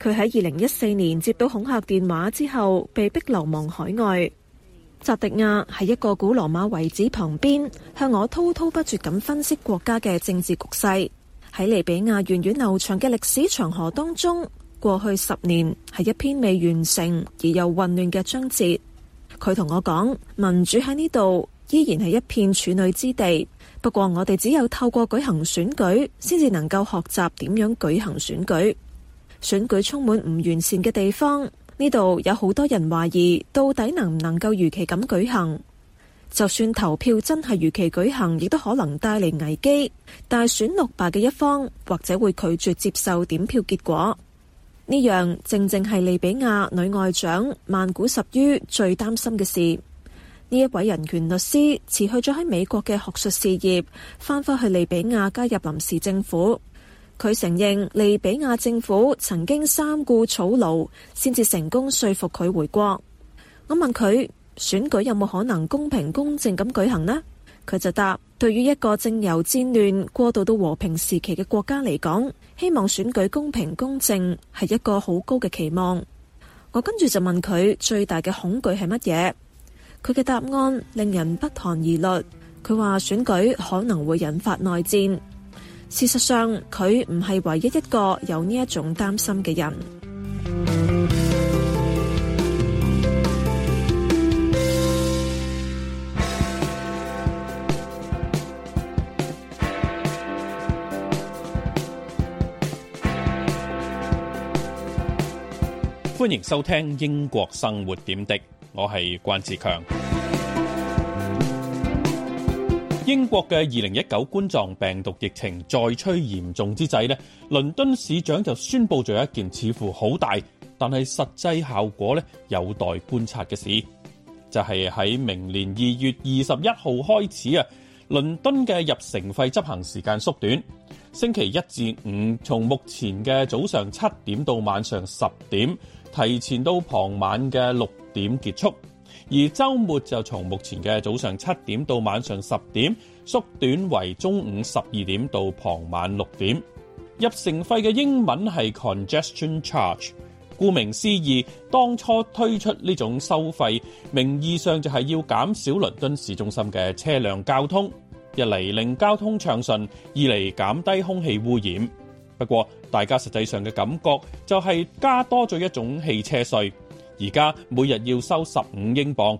[SPEAKER 6] 佢喺二零一四年接到恐嚇電話之後，被逼流亡海外。扎迪亞喺一個古羅馬遺址旁邊，向我滔滔不絕咁分析國家嘅政治局勢。喺利比亞源遠流長嘅歷史長河當中，過去十年係一篇未完成而又混亂嘅章節。佢同我講，民主喺呢度依然係一片處女之地。不過我哋只有透過舉行選舉，先至能夠學習點樣舉行選舉。選舉充滿唔完善嘅地方，呢度有好多人懷疑到底能唔能夠如期咁舉行。就算投票真係如期舉行，亦都可能帶嚟危機。但係選六敗嘅一方或者會拒絕接受點票結果。呢樣正正係利比亞女外長曼古什於最擔心嘅事。呢一位人權律師辭去咗喺美國嘅學術事業，翻返去利比亞加入臨時政府。佢承認利比亞政府曾經三顧草廬，先至成功說服佢回國。我問佢選舉有冇可能公平公正咁舉行呢？佢就答：對於一個正由戰亂過渡到和平時期嘅國家嚟講，希望選舉公平公正係一個好高嘅期望。我跟住就問佢最大嘅恐懼係乜嘢？佢嘅答案令人不寒而慄。佢話選舉可能會引發內戰。事實上，佢唔係唯一一個有呢一種擔心嘅人。
[SPEAKER 3] 歡迎收聽《英國生活點滴》，我係關志強。英國嘅二零一九冠狀病毒疫情再趨嚴重之際呢，倫敦市長就宣布咗一件似乎好大，但係實際效果咧有待觀察嘅事，就係喺明年二月二十一號開始啊，倫敦嘅入城費執行時間縮短，星期一至五從目前嘅早上七點到晚上十點，提前到傍晚嘅六點結束。而周末就從目前嘅早上七點到晚上十點，縮短為中午十二點到傍晚六點。入城費嘅英文係 congestion charge，顧名思義，當初推出呢種收費，名義上就係要減少倫敦市中心嘅車輛交通，一嚟令交通暢順，二嚟減低空氣污染。不過，大家實際上嘅感覺就係加多咗一種汽車稅。而家每日要收十五英鎊，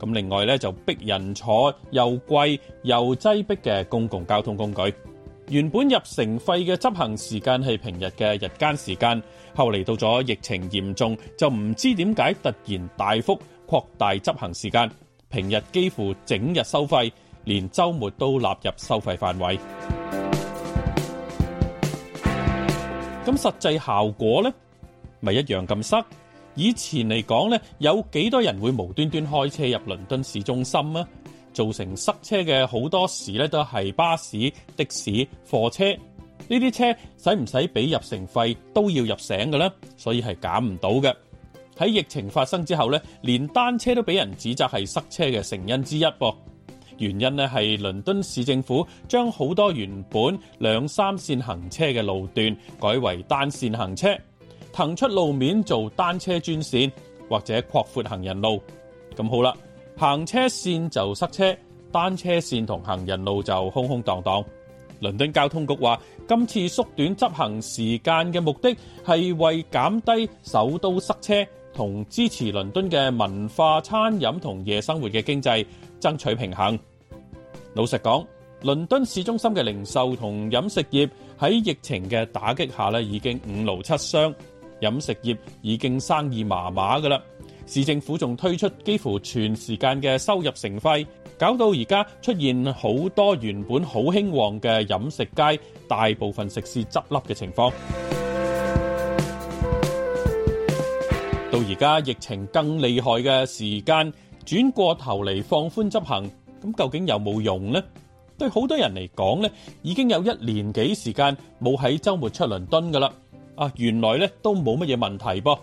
[SPEAKER 3] 咁另外咧就逼人坐又貴又擠迫嘅公共交通工具。原本入城費嘅執行時間係平日嘅日間時間，後嚟到咗疫情嚴重，就唔知點解突然大幅擴大執行時間。平日幾乎整日收費，連週末都納入收費範圍。咁實際效果呢，咪一樣咁塞。以前嚟講咧，有幾多人會無端端開車入倫敦市中心啊？造成塞車嘅好多時咧都係巴士、的士、貨車呢啲車，使唔使俾入城費都要入城嘅呢？所以係減唔到嘅。喺疫情發生之後咧，連單車都俾人指責係塞車嘅成因之一噃。原因呢係倫敦市政府將好多原本兩三線行車嘅路段改為單線行車。騰出路面做單車專線或者擴闊行人路，咁好啦。行車線就塞車，單車線同行人路就空空蕩蕩。倫敦交通局話：今次縮短執行時間嘅目的係為減低首都塞車同支持倫敦嘅文化、餐飲同夜生活嘅經濟爭取平衡。老實講，倫敦市中心嘅零售同飲食業喺疫情嘅打擊下呢，已經五勞七傷。飲食業已經生意麻麻噶啦，市政府仲推出幾乎全時間嘅入城收費，搞到而家出現好多原本好興旺嘅飲食街，大部分食肆執笠嘅情況。到而家疫情更厲害嘅時間，轉過頭嚟放寬執行，咁究竟有冇用呢？對好多人嚟講呢，已經有一年幾時間冇喺週末出倫敦噶啦。啊，原來咧都冇乜嘢問題噃，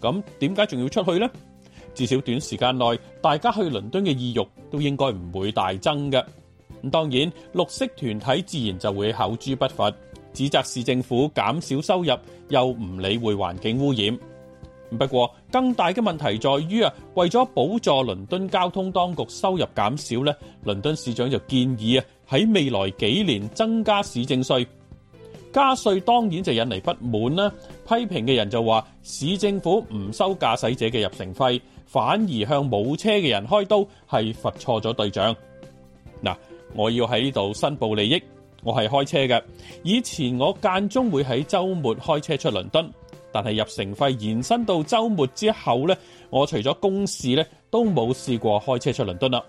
[SPEAKER 3] 咁點解仲要出去呢？至少短時間內，大家去倫敦嘅意欲都應該唔會大增嘅。咁當然，綠色團體自然就會口誅筆伐，指責市政府減少收入，又唔理會環境污染。不過，更大嘅問題在於啊，為咗補助倫敦交通當局收入減少咧，倫敦市長就建議啊，喺未來幾年增加市政稅。加稅當然就引嚟不滿啦，批評嘅人就話：市政府唔收駕駛者嘅入城費，反而向冇車嘅人開刀，係罰錯咗對象。嗱，我要喺呢度申報利益，我係開車嘅。以前我間中會喺週末開車出倫敦，但係入城費延伸到週末之後呢，我除咗公事呢，都冇試過開車出倫敦啦。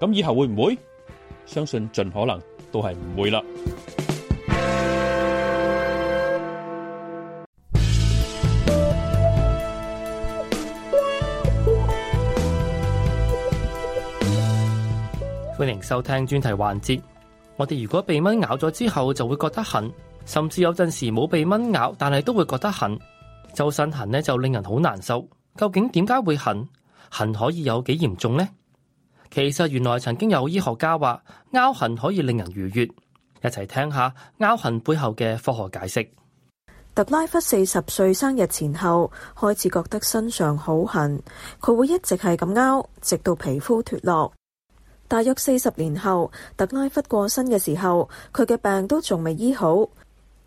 [SPEAKER 3] 咁以後會唔會？相信盡可能都係唔會啦。
[SPEAKER 1] 歡迎收聽專題環節。我哋如果被蚊咬咗之後，就會覺得痕，甚至有陣時冇被蚊咬，但係都會覺得痕。就周身痕呢，就令人好難受。究竟點解會痕？痕可以有幾嚴重呢？其實原來曾經有醫學家話，撓痕可以令人愉悅。一齊聽一下撓痕背後嘅科學解釋。
[SPEAKER 6] 特拉弗四十歲生日前後，開始覺得身上好痕，佢會一直係咁撓，直到皮膚脫落。大約四十年後，特拉弗過身嘅時候，佢嘅病都仲未醫好。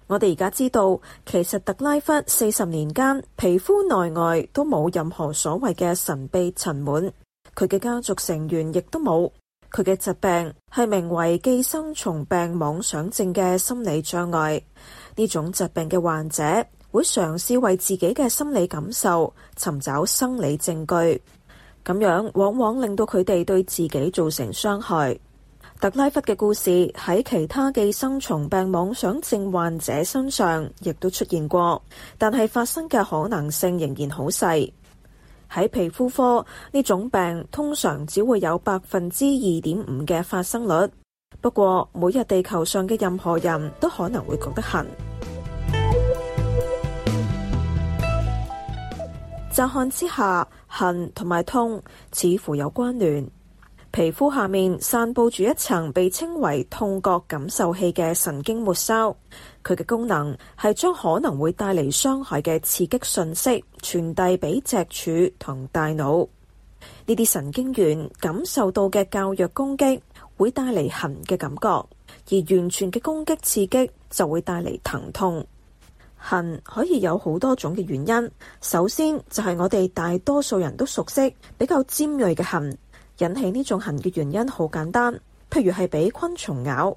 [SPEAKER 6] 我哋而家知道，其實特拉弗四十年間皮膚內外都冇任何所謂嘅神秘塵蟎，佢嘅家族成員亦都冇。佢嘅疾病係名為寄生蟲病妄想症嘅心理障礙。呢種疾病嘅患者會嘗試為自己嘅心理感受尋找生理證據。咁樣往往令到佢哋對自己造成傷害。特拉弗嘅故事喺其他寄生蟲病妄想症患者身上亦都出現過，但係發生嘅可能性仍然好細。喺皮膚科，呢種病通常只會有百分之二點五嘅發生率，不過每日地球上嘅任何人都可能會覺得痕。乍看之下，痕同埋痛似乎有關聯。皮膚下面散布住一層被稱為痛覺感受器嘅神經末梢，佢嘅功能係將可能會帶嚟傷害嘅刺激信息傳遞俾脊柱同大腦。呢啲神經元感受到嘅較弱攻擊會帶嚟痕嘅感覺，而完全嘅攻擊刺激就會帶嚟疼痛。痕可以有好多種嘅原因。首先就係我哋大多數人都熟悉比較尖銳嘅痕，引起呢種痕嘅原因好簡單，譬如係俾昆蟲咬。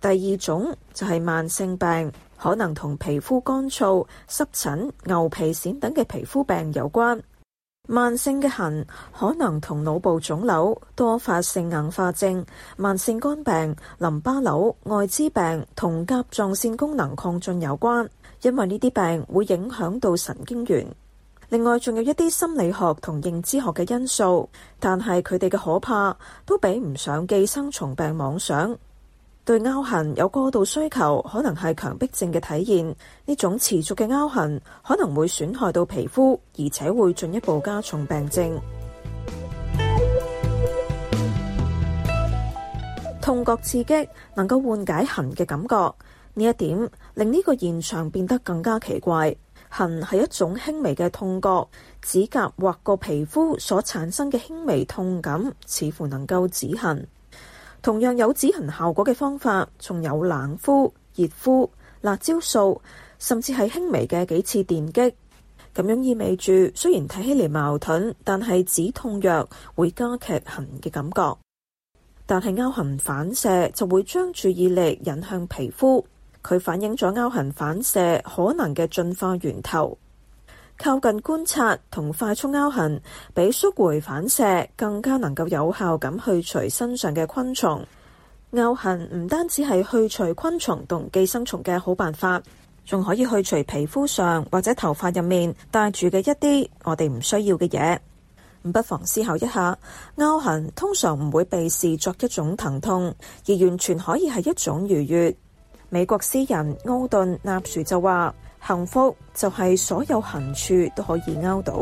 [SPEAKER 6] 第二種就係慢性病，可能同皮膚乾燥、濕疹、牛皮癬等嘅皮膚病有關。慢性嘅痕可能同腦部腫瘤、多發性硬化症、慢性肝病、淋巴瘤、艾滋病同甲狀腺功能亢進有關。因為呢啲病會影響到神經元，另外仲有一啲心理學同認知學嘅因素，但係佢哋嘅可怕都比唔上寄生蟲病妄想。對凹痕有過度需求，可能係強迫症嘅體現。呢種持續嘅凹痕可能會損害到皮膚，而且會進一步加重病症。 痛覺刺激能夠緩解痕嘅感覺，呢一點。令呢個現象變得更加奇怪。痕係一種輕微嘅痛覺，指甲劃過皮膚所產生嘅輕微痛感，似乎能夠止痕。同樣有止痕效果嘅方法，仲有冷敷、熱敷、辣椒素，甚至係輕微嘅幾次電擊。咁樣意味住，雖然睇起嚟矛盾，但係止痛藥會加劇痕嘅感覺，但係凹痕反射就會將注意力引向皮膚。佢反映咗凹痕反射可能嘅進化源頭，靠近觀察同快速凹痕比縮回反射更加能夠有效咁去除身上嘅昆蟲。凹痕唔單止係去除昆蟲同寄生蟲嘅好辦法，仲可以去除皮膚上或者頭髮入面帶住嘅一啲我哋唔需要嘅嘢。不妨思考一下，凹痕通常唔會被視作一種疼痛，而完全可以係一種愉悅。美國詩人歐頓納殊就話：幸福就係所有痕處都可以勾到。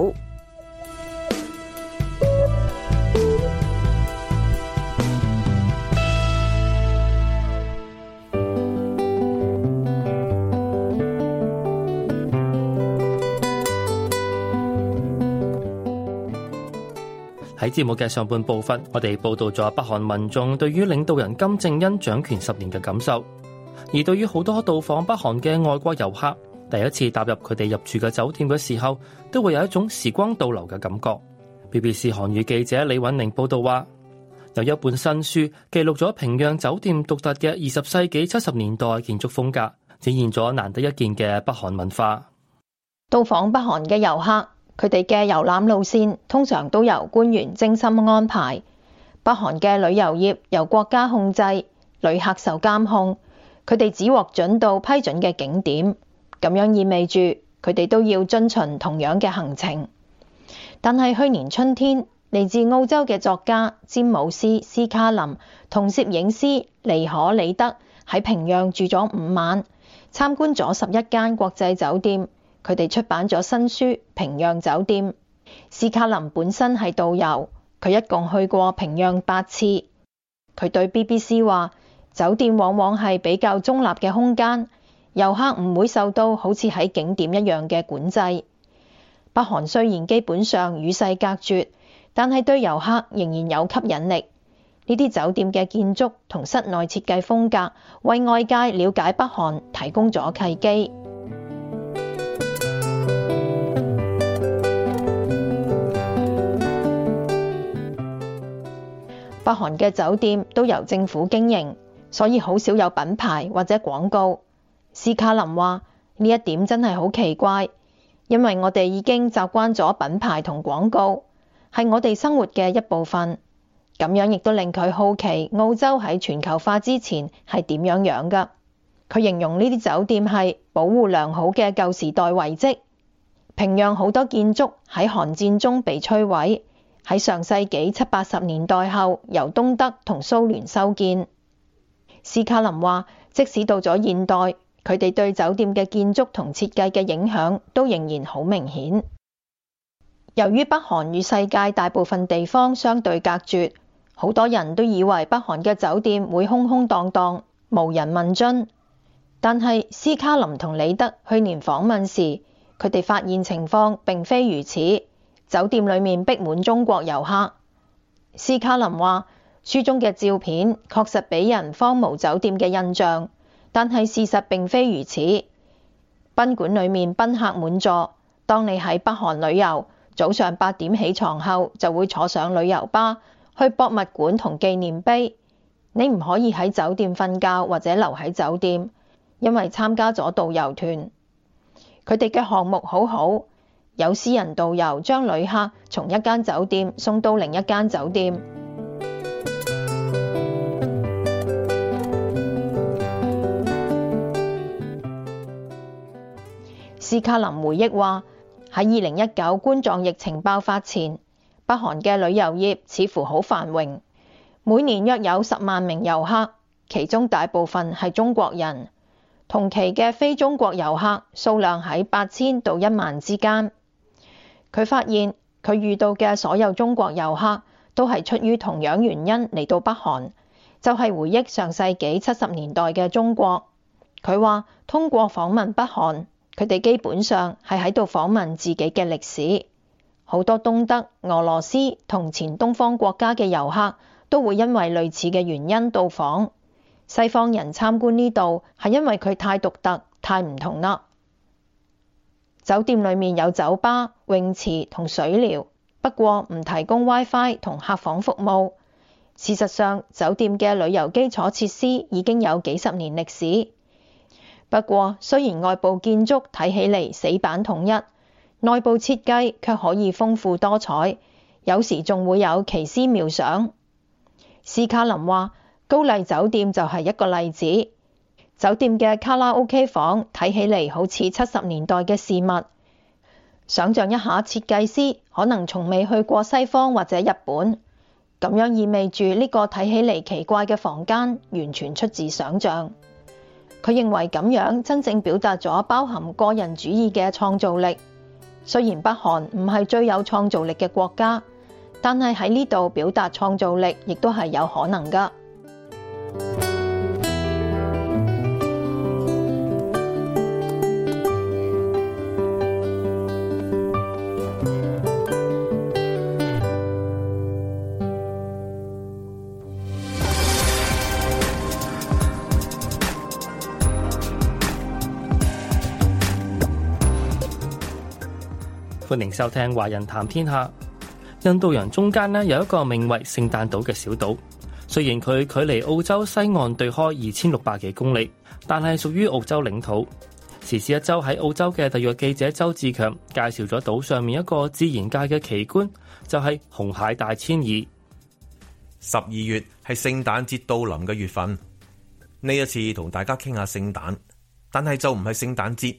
[SPEAKER 1] 喺節目嘅上半部分，我哋報道咗北韓民眾對於領導人金正恩掌權十年嘅感受。而對於好多到訪北韓嘅外國遊客，第一次踏入佢哋入住嘅酒店嘅時候，都會有一種時光倒流嘅感覺。BBC 韓語記者李韻寧報道話，有一本新書記錄咗平壤酒店獨特嘅二十世紀七十年代建築風格，展現咗難得一見嘅北韓文化。
[SPEAKER 7] 到訪北韓嘅遊客，佢哋嘅遊覽路線通常都由官員精心安排。北韓嘅旅遊業由國家控制，旅客受監控。佢哋只獲准到批准嘅景點，咁樣意味住佢哋都要遵循同樣嘅行程。但係去年春天，嚟自澳洲嘅作家詹姆斯斯卡林同攝影師尼可里德喺平壤住咗五晚，參觀咗十一間國際酒店。佢哋出版咗新書《平壤酒店》。斯卡林本身係導遊，佢一共去過平壤八次。佢對 BBC 話。酒店往往係比較中立嘅空間，遊客唔會受到好似喺景點一樣嘅管制。北韓雖然基本上與世隔絕，但係對遊客仍然有吸引力。呢啲酒店嘅建築同室內設計風格，為外界了解北韓提供咗契機。北韓嘅酒店都由政府經營。所以好少有品牌或者廣告。斯卡林話呢一點真係好奇怪，因為我哋已經習慣咗品牌同廣告係我哋生活嘅一部分。咁樣亦都令佢好奇澳洲喺全球化之前係點樣樣噶。佢形容呢啲酒店係保護良好嘅舊時代遺跡，平壤好多建築喺韓戰中被摧毀，喺上世紀七八十年代後由東德同蘇聯修建。斯卡林話：即使到咗現代，佢哋對酒店嘅建築同設計嘅影響都仍然好明顯。由於北韓與世界大部分地方相對隔絕，好多人都以為北韓嘅酒店會空空蕩蕩、無人問津。但係斯卡林同李德去年訪問時，佢哋發現情況並非如此，酒店裡面逼滿中國遊客。斯卡林話。書中嘅照片確實俾人荒蕪酒店嘅印象，但係事實並非如此。賓館裏面賓客滿座。當你喺北韓旅遊，早上八點起床後，就會坐上旅遊巴去博物館同紀念碑。你唔可以喺酒店瞓覺或者留喺酒店，因為參加咗導遊團。佢哋嘅項目好好，有私人導遊將旅客從一間酒店送到另一間酒店。斯卡林回憶話：喺二零一九冠狀疫情爆發前，北韓嘅旅遊業似乎好繁榮，每年約有十萬名遊客，其中大部分係中國人。同期嘅非中國遊客數量喺八千到一萬之間。佢發現佢遇到嘅所有中國遊客都係出於同樣原因嚟到北韓，就係回憶上世紀七十年代嘅中國。佢話：通過訪問北韓。佢哋基本上係喺度訪問自己嘅歷史，好多東德、俄羅斯同前東方國家嘅遊客都會因為類似嘅原因到訪。西方人參觀呢度係因為佢太獨特、太唔同啦。酒店裏面有酒吧、泳池同水療，不過唔提供 WiFi 同客房服務。事實上，酒店嘅旅遊基礎設施已經有幾十年歷史。不過，雖然外部建築睇起嚟死板統一，內部設計卻可以豐富多彩，有時仲會有奇思妙想。史卡林話：高麗酒店就係一個例子，酒店嘅卡拉 OK 房睇起嚟好似七十年代嘅事物。想象一下，設計師可能從未去過西方或者日本，咁樣意味住呢個睇起嚟奇怪嘅房間，完全出自想象。佢認為咁樣真正表達咗包含個人主義嘅創造力。雖然北韓唔係最有創造力嘅國家，但係喺呢度表達創造力，亦都係有可能㗎。
[SPEAKER 1] 歡迎收聽華人談天下。印度洋中間咧有一個名為聖誕島嘅小島，雖然佢距離澳洲西岸對開二千六百幾公里，但係屬於澳洲領土。時事一周喺澳洲嘅特約記者周志強介紹咗島上面一個自然界嘅奇觀，就係、是、紅蟹大遷移。
[SPEAKER 8] 十二月係聖誕節到臨嘅月份，呢一次同大家傾下聖誕，但係就唔係聖誕節。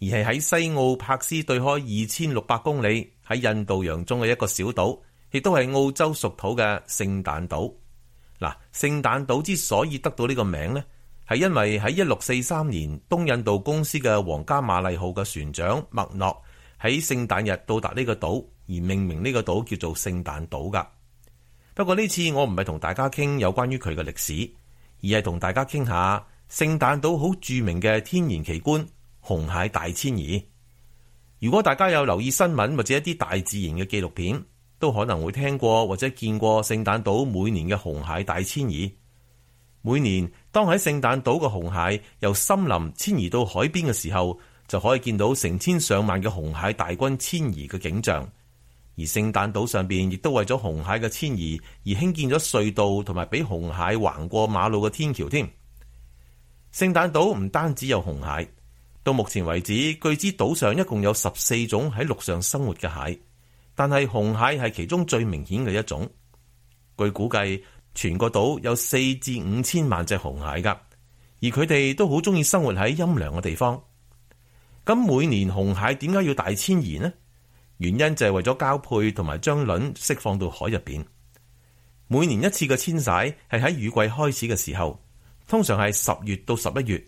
[SPEAKER 8] 而係喺西澳帕斯對開二千六百公里喺印度洋中嘅一個小島，亦都係澳洲屬土嘅聖誕島。嗱，聖誕島之所以得到呢個名呢係因為喺一六四三年東印度公司嘅皇家瑪麗號嘅船長麥諾喺聖誕日到達呢個島，而命名呢個島叫做聖誕島噶。不過呢次我唔係同大家傾有關於佢嘅歷史，而係同大家傾下聖誕島好著名嘅天然奇觀。紅蟹大遷移。如果大家有留意新聞或者一啲大自然嘅紀錄片，都可能會聽過或者見過聖誕島每年嘅紅蟹大遷移。每年當喺聖誕島嘅紅蟹由森林遷移到海邊嘅時候，就可以見到成千上萬嘅紅蟹大軍遷移嘅景象。而聖誕島上邊亦都為咗紅蟹嘅遷移而興建咗隧道，同埋俾紅蟹橫過馬路嘅天橋添。聖誕島唔單止有紅蟹。到目前為止，據知島上一共有十四種喺陸上生活嘅蟹，但係紅蟹係其中最明顯嘅一種。據估計，全個島有四至五千萬隻紅蟹噶，而佢哋都好中意生活喺陰涼嘅地方。咁每年紅蟹點解要大遷移呢？原因就係為咗交配同埋將卵釋放到海入邊。每年一次嘅遷徙係喺雨季開始嘅時候，通常係十月到十一月。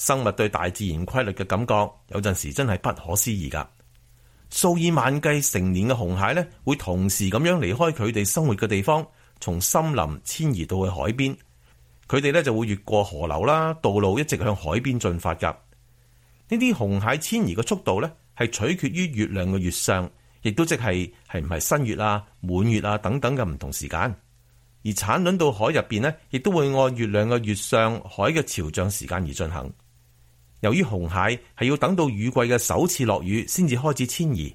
[SPEAKER 8] 生物對大自然規律嘅感覺，有陣時真係不可思議㗎。數以萬計成年嘅紅蟹咧，會同時咁樣離開佢哋生活嘅地方，從森林遷移到去海邊。佢哋咧就會越過河流啦、道路，一直向海邊進發㗎。呢啲紅蟹遷移嘅速度咧，係取決於月亮嘅月相，亦都即係係唔係新月啊、滿月啊等等嘅唔同時間。而產卵到海入邊呢，亦都會按月亮嘅月相，海嘅潮漲時間而進行。由於紅蟹係要等到雨季嘅首次落雨先至開始遷移，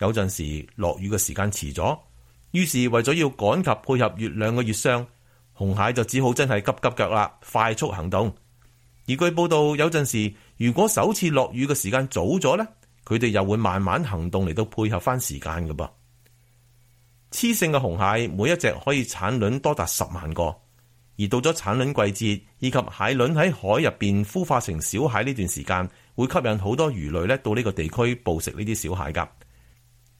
[SPEAKER 8] 有陣時落雨嘅時間遲咗，於是為咗要趕及配合月亮嘅月相，紅蟹就只好真係急急腳啦，快速行動。而據報道，有陣時如果首次落雨嘅時間早咗咧，佢哋又會慢慢行動嚟到配合翻時間嘅噃。雌性嘅紅蟹每一隻可以產卵多達十萬個。而到咗產卵季節，以及蟹卵喺海入邊孵化成小蟹呢段時間，會吸引好多魚類咧到呢個地區捕食呢啲小蟹噶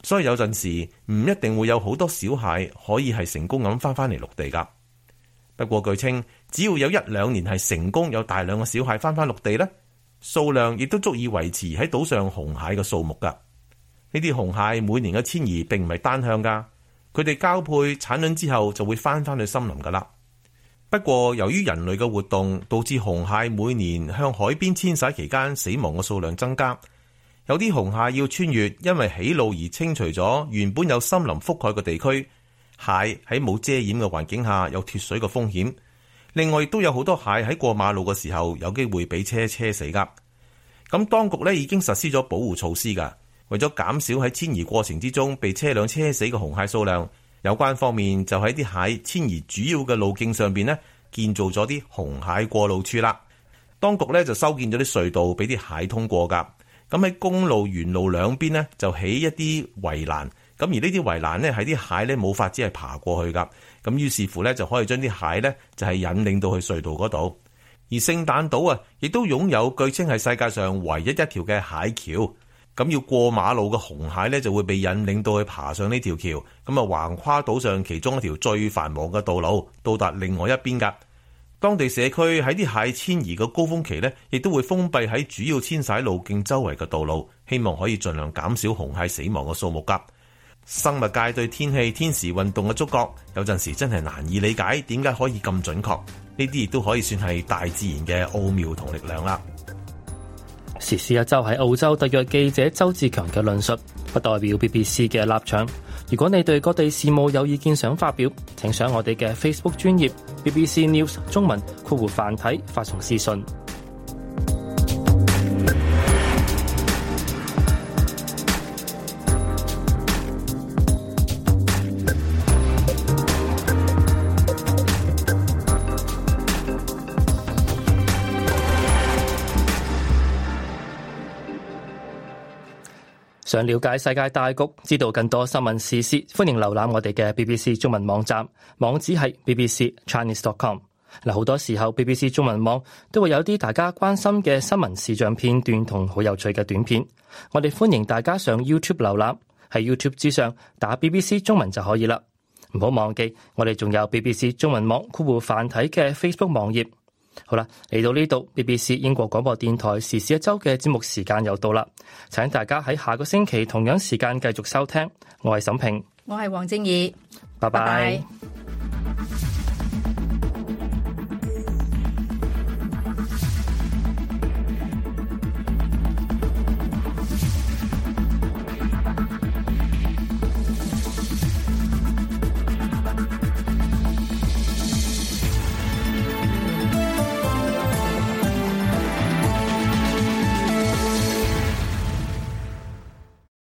[SPEAKER 8] 所以有陣時唔一定會有好多小蟹可以係成功咁翻返嚟陸地噶。不過據稱，只要有一兩年係成功有大量嘅小蟹翻返陸地，呢數量亦都足以維持喺島上紅蟹嘅數目噶。呢啲紅蟹每年嘅遷移並唔係單向噶，佢哋交配產卵之後就會翻返去森林噶啦。不過，由於人類嘅活動導致紅蟹每年向海邊遷徙期間死亡嘅數量增加，有啲紅蟹要穿越因為起路而清除咗原本有森林覆蓋嘅地區，蟹喺冇遮掩嘅環境下有脱水嘅風險。另外，亦都有好多蟹喺過馬路嘅時候有機會俾車車死噶。咁當局呢已經實施咗保護措施噶，為咗減少喺遷移過程之中被車輛車死嘅紅蟹數量。有關方面就喺啲蟹遷移主要嘅路徑上邊呢，建造咗啲紅蟹過路處啦。當局呢，就修建咗啲隧道俾啲蟹通過噶。咁喺公路沿路兩邊呢，就起一啲圍欄。咁而呢啲圍欄呢，喺啲蟹呢冇法子係爬過去噶。咁於是乎呢，就可以將啲蟹呢，就係引領到去隧道嗰度。而聖誕島啊，亦都擁有據稱係世界上唯一一條嘅蟹橋。咁要過馬路嘅紅蟹呢，就會被引領到去爬上呢條橋，咁啊橫跨島上其中一條最繁忙嘅道路，到達另外一邊㗎。當地社區喺啲蟹遷移嘅高峰期呢，亦都會封閉喺主要遷徙路徑周圍嘅道路，希望可以盡量減少紅蟹死亡嘅數目㗎。生物界對天氣、天時運動嘅觸覺，有陣時真係難以理解，點解可以咁準確？呢啲亦都可以算係大自然嘅奧妙同力量啦。時事一周喺澳洲特約記者周志強嘅
[SPEAKER 1] 論述，不代表 BBC 嘅立場。如果你對各地事務有意見想發表，請上我哋嘅 Facebook 專頁 BBC News 中文括弧繁體發送私信。想了解世界大局，知道更多新聞時事，歡迎瀏覽我哋嘅 BBC 中文網站，網址係 BBC Chinese dot com 嗱。好多時候 BBC 中文網都會有啲大家關心嘅新聞視像片段同好有趣嘅短片，我哋歡迎大家上 YouTube 瀏覽，喺 YouTube 之上打 BBC 中文就可以啦。唔好忘記我哋仲有 BBC 中文網酷酷繁體嘅 Facebook 網頁。好啦，嚟到呢度，BBC 英國廣播電台時事一周嘅節目時間又到啦，請大家喺下個星期同樣時間繼續收聽。我係沈平，
[SPEAKER 2] 我係王正儀，
[SPEAKER 1] 拜拜。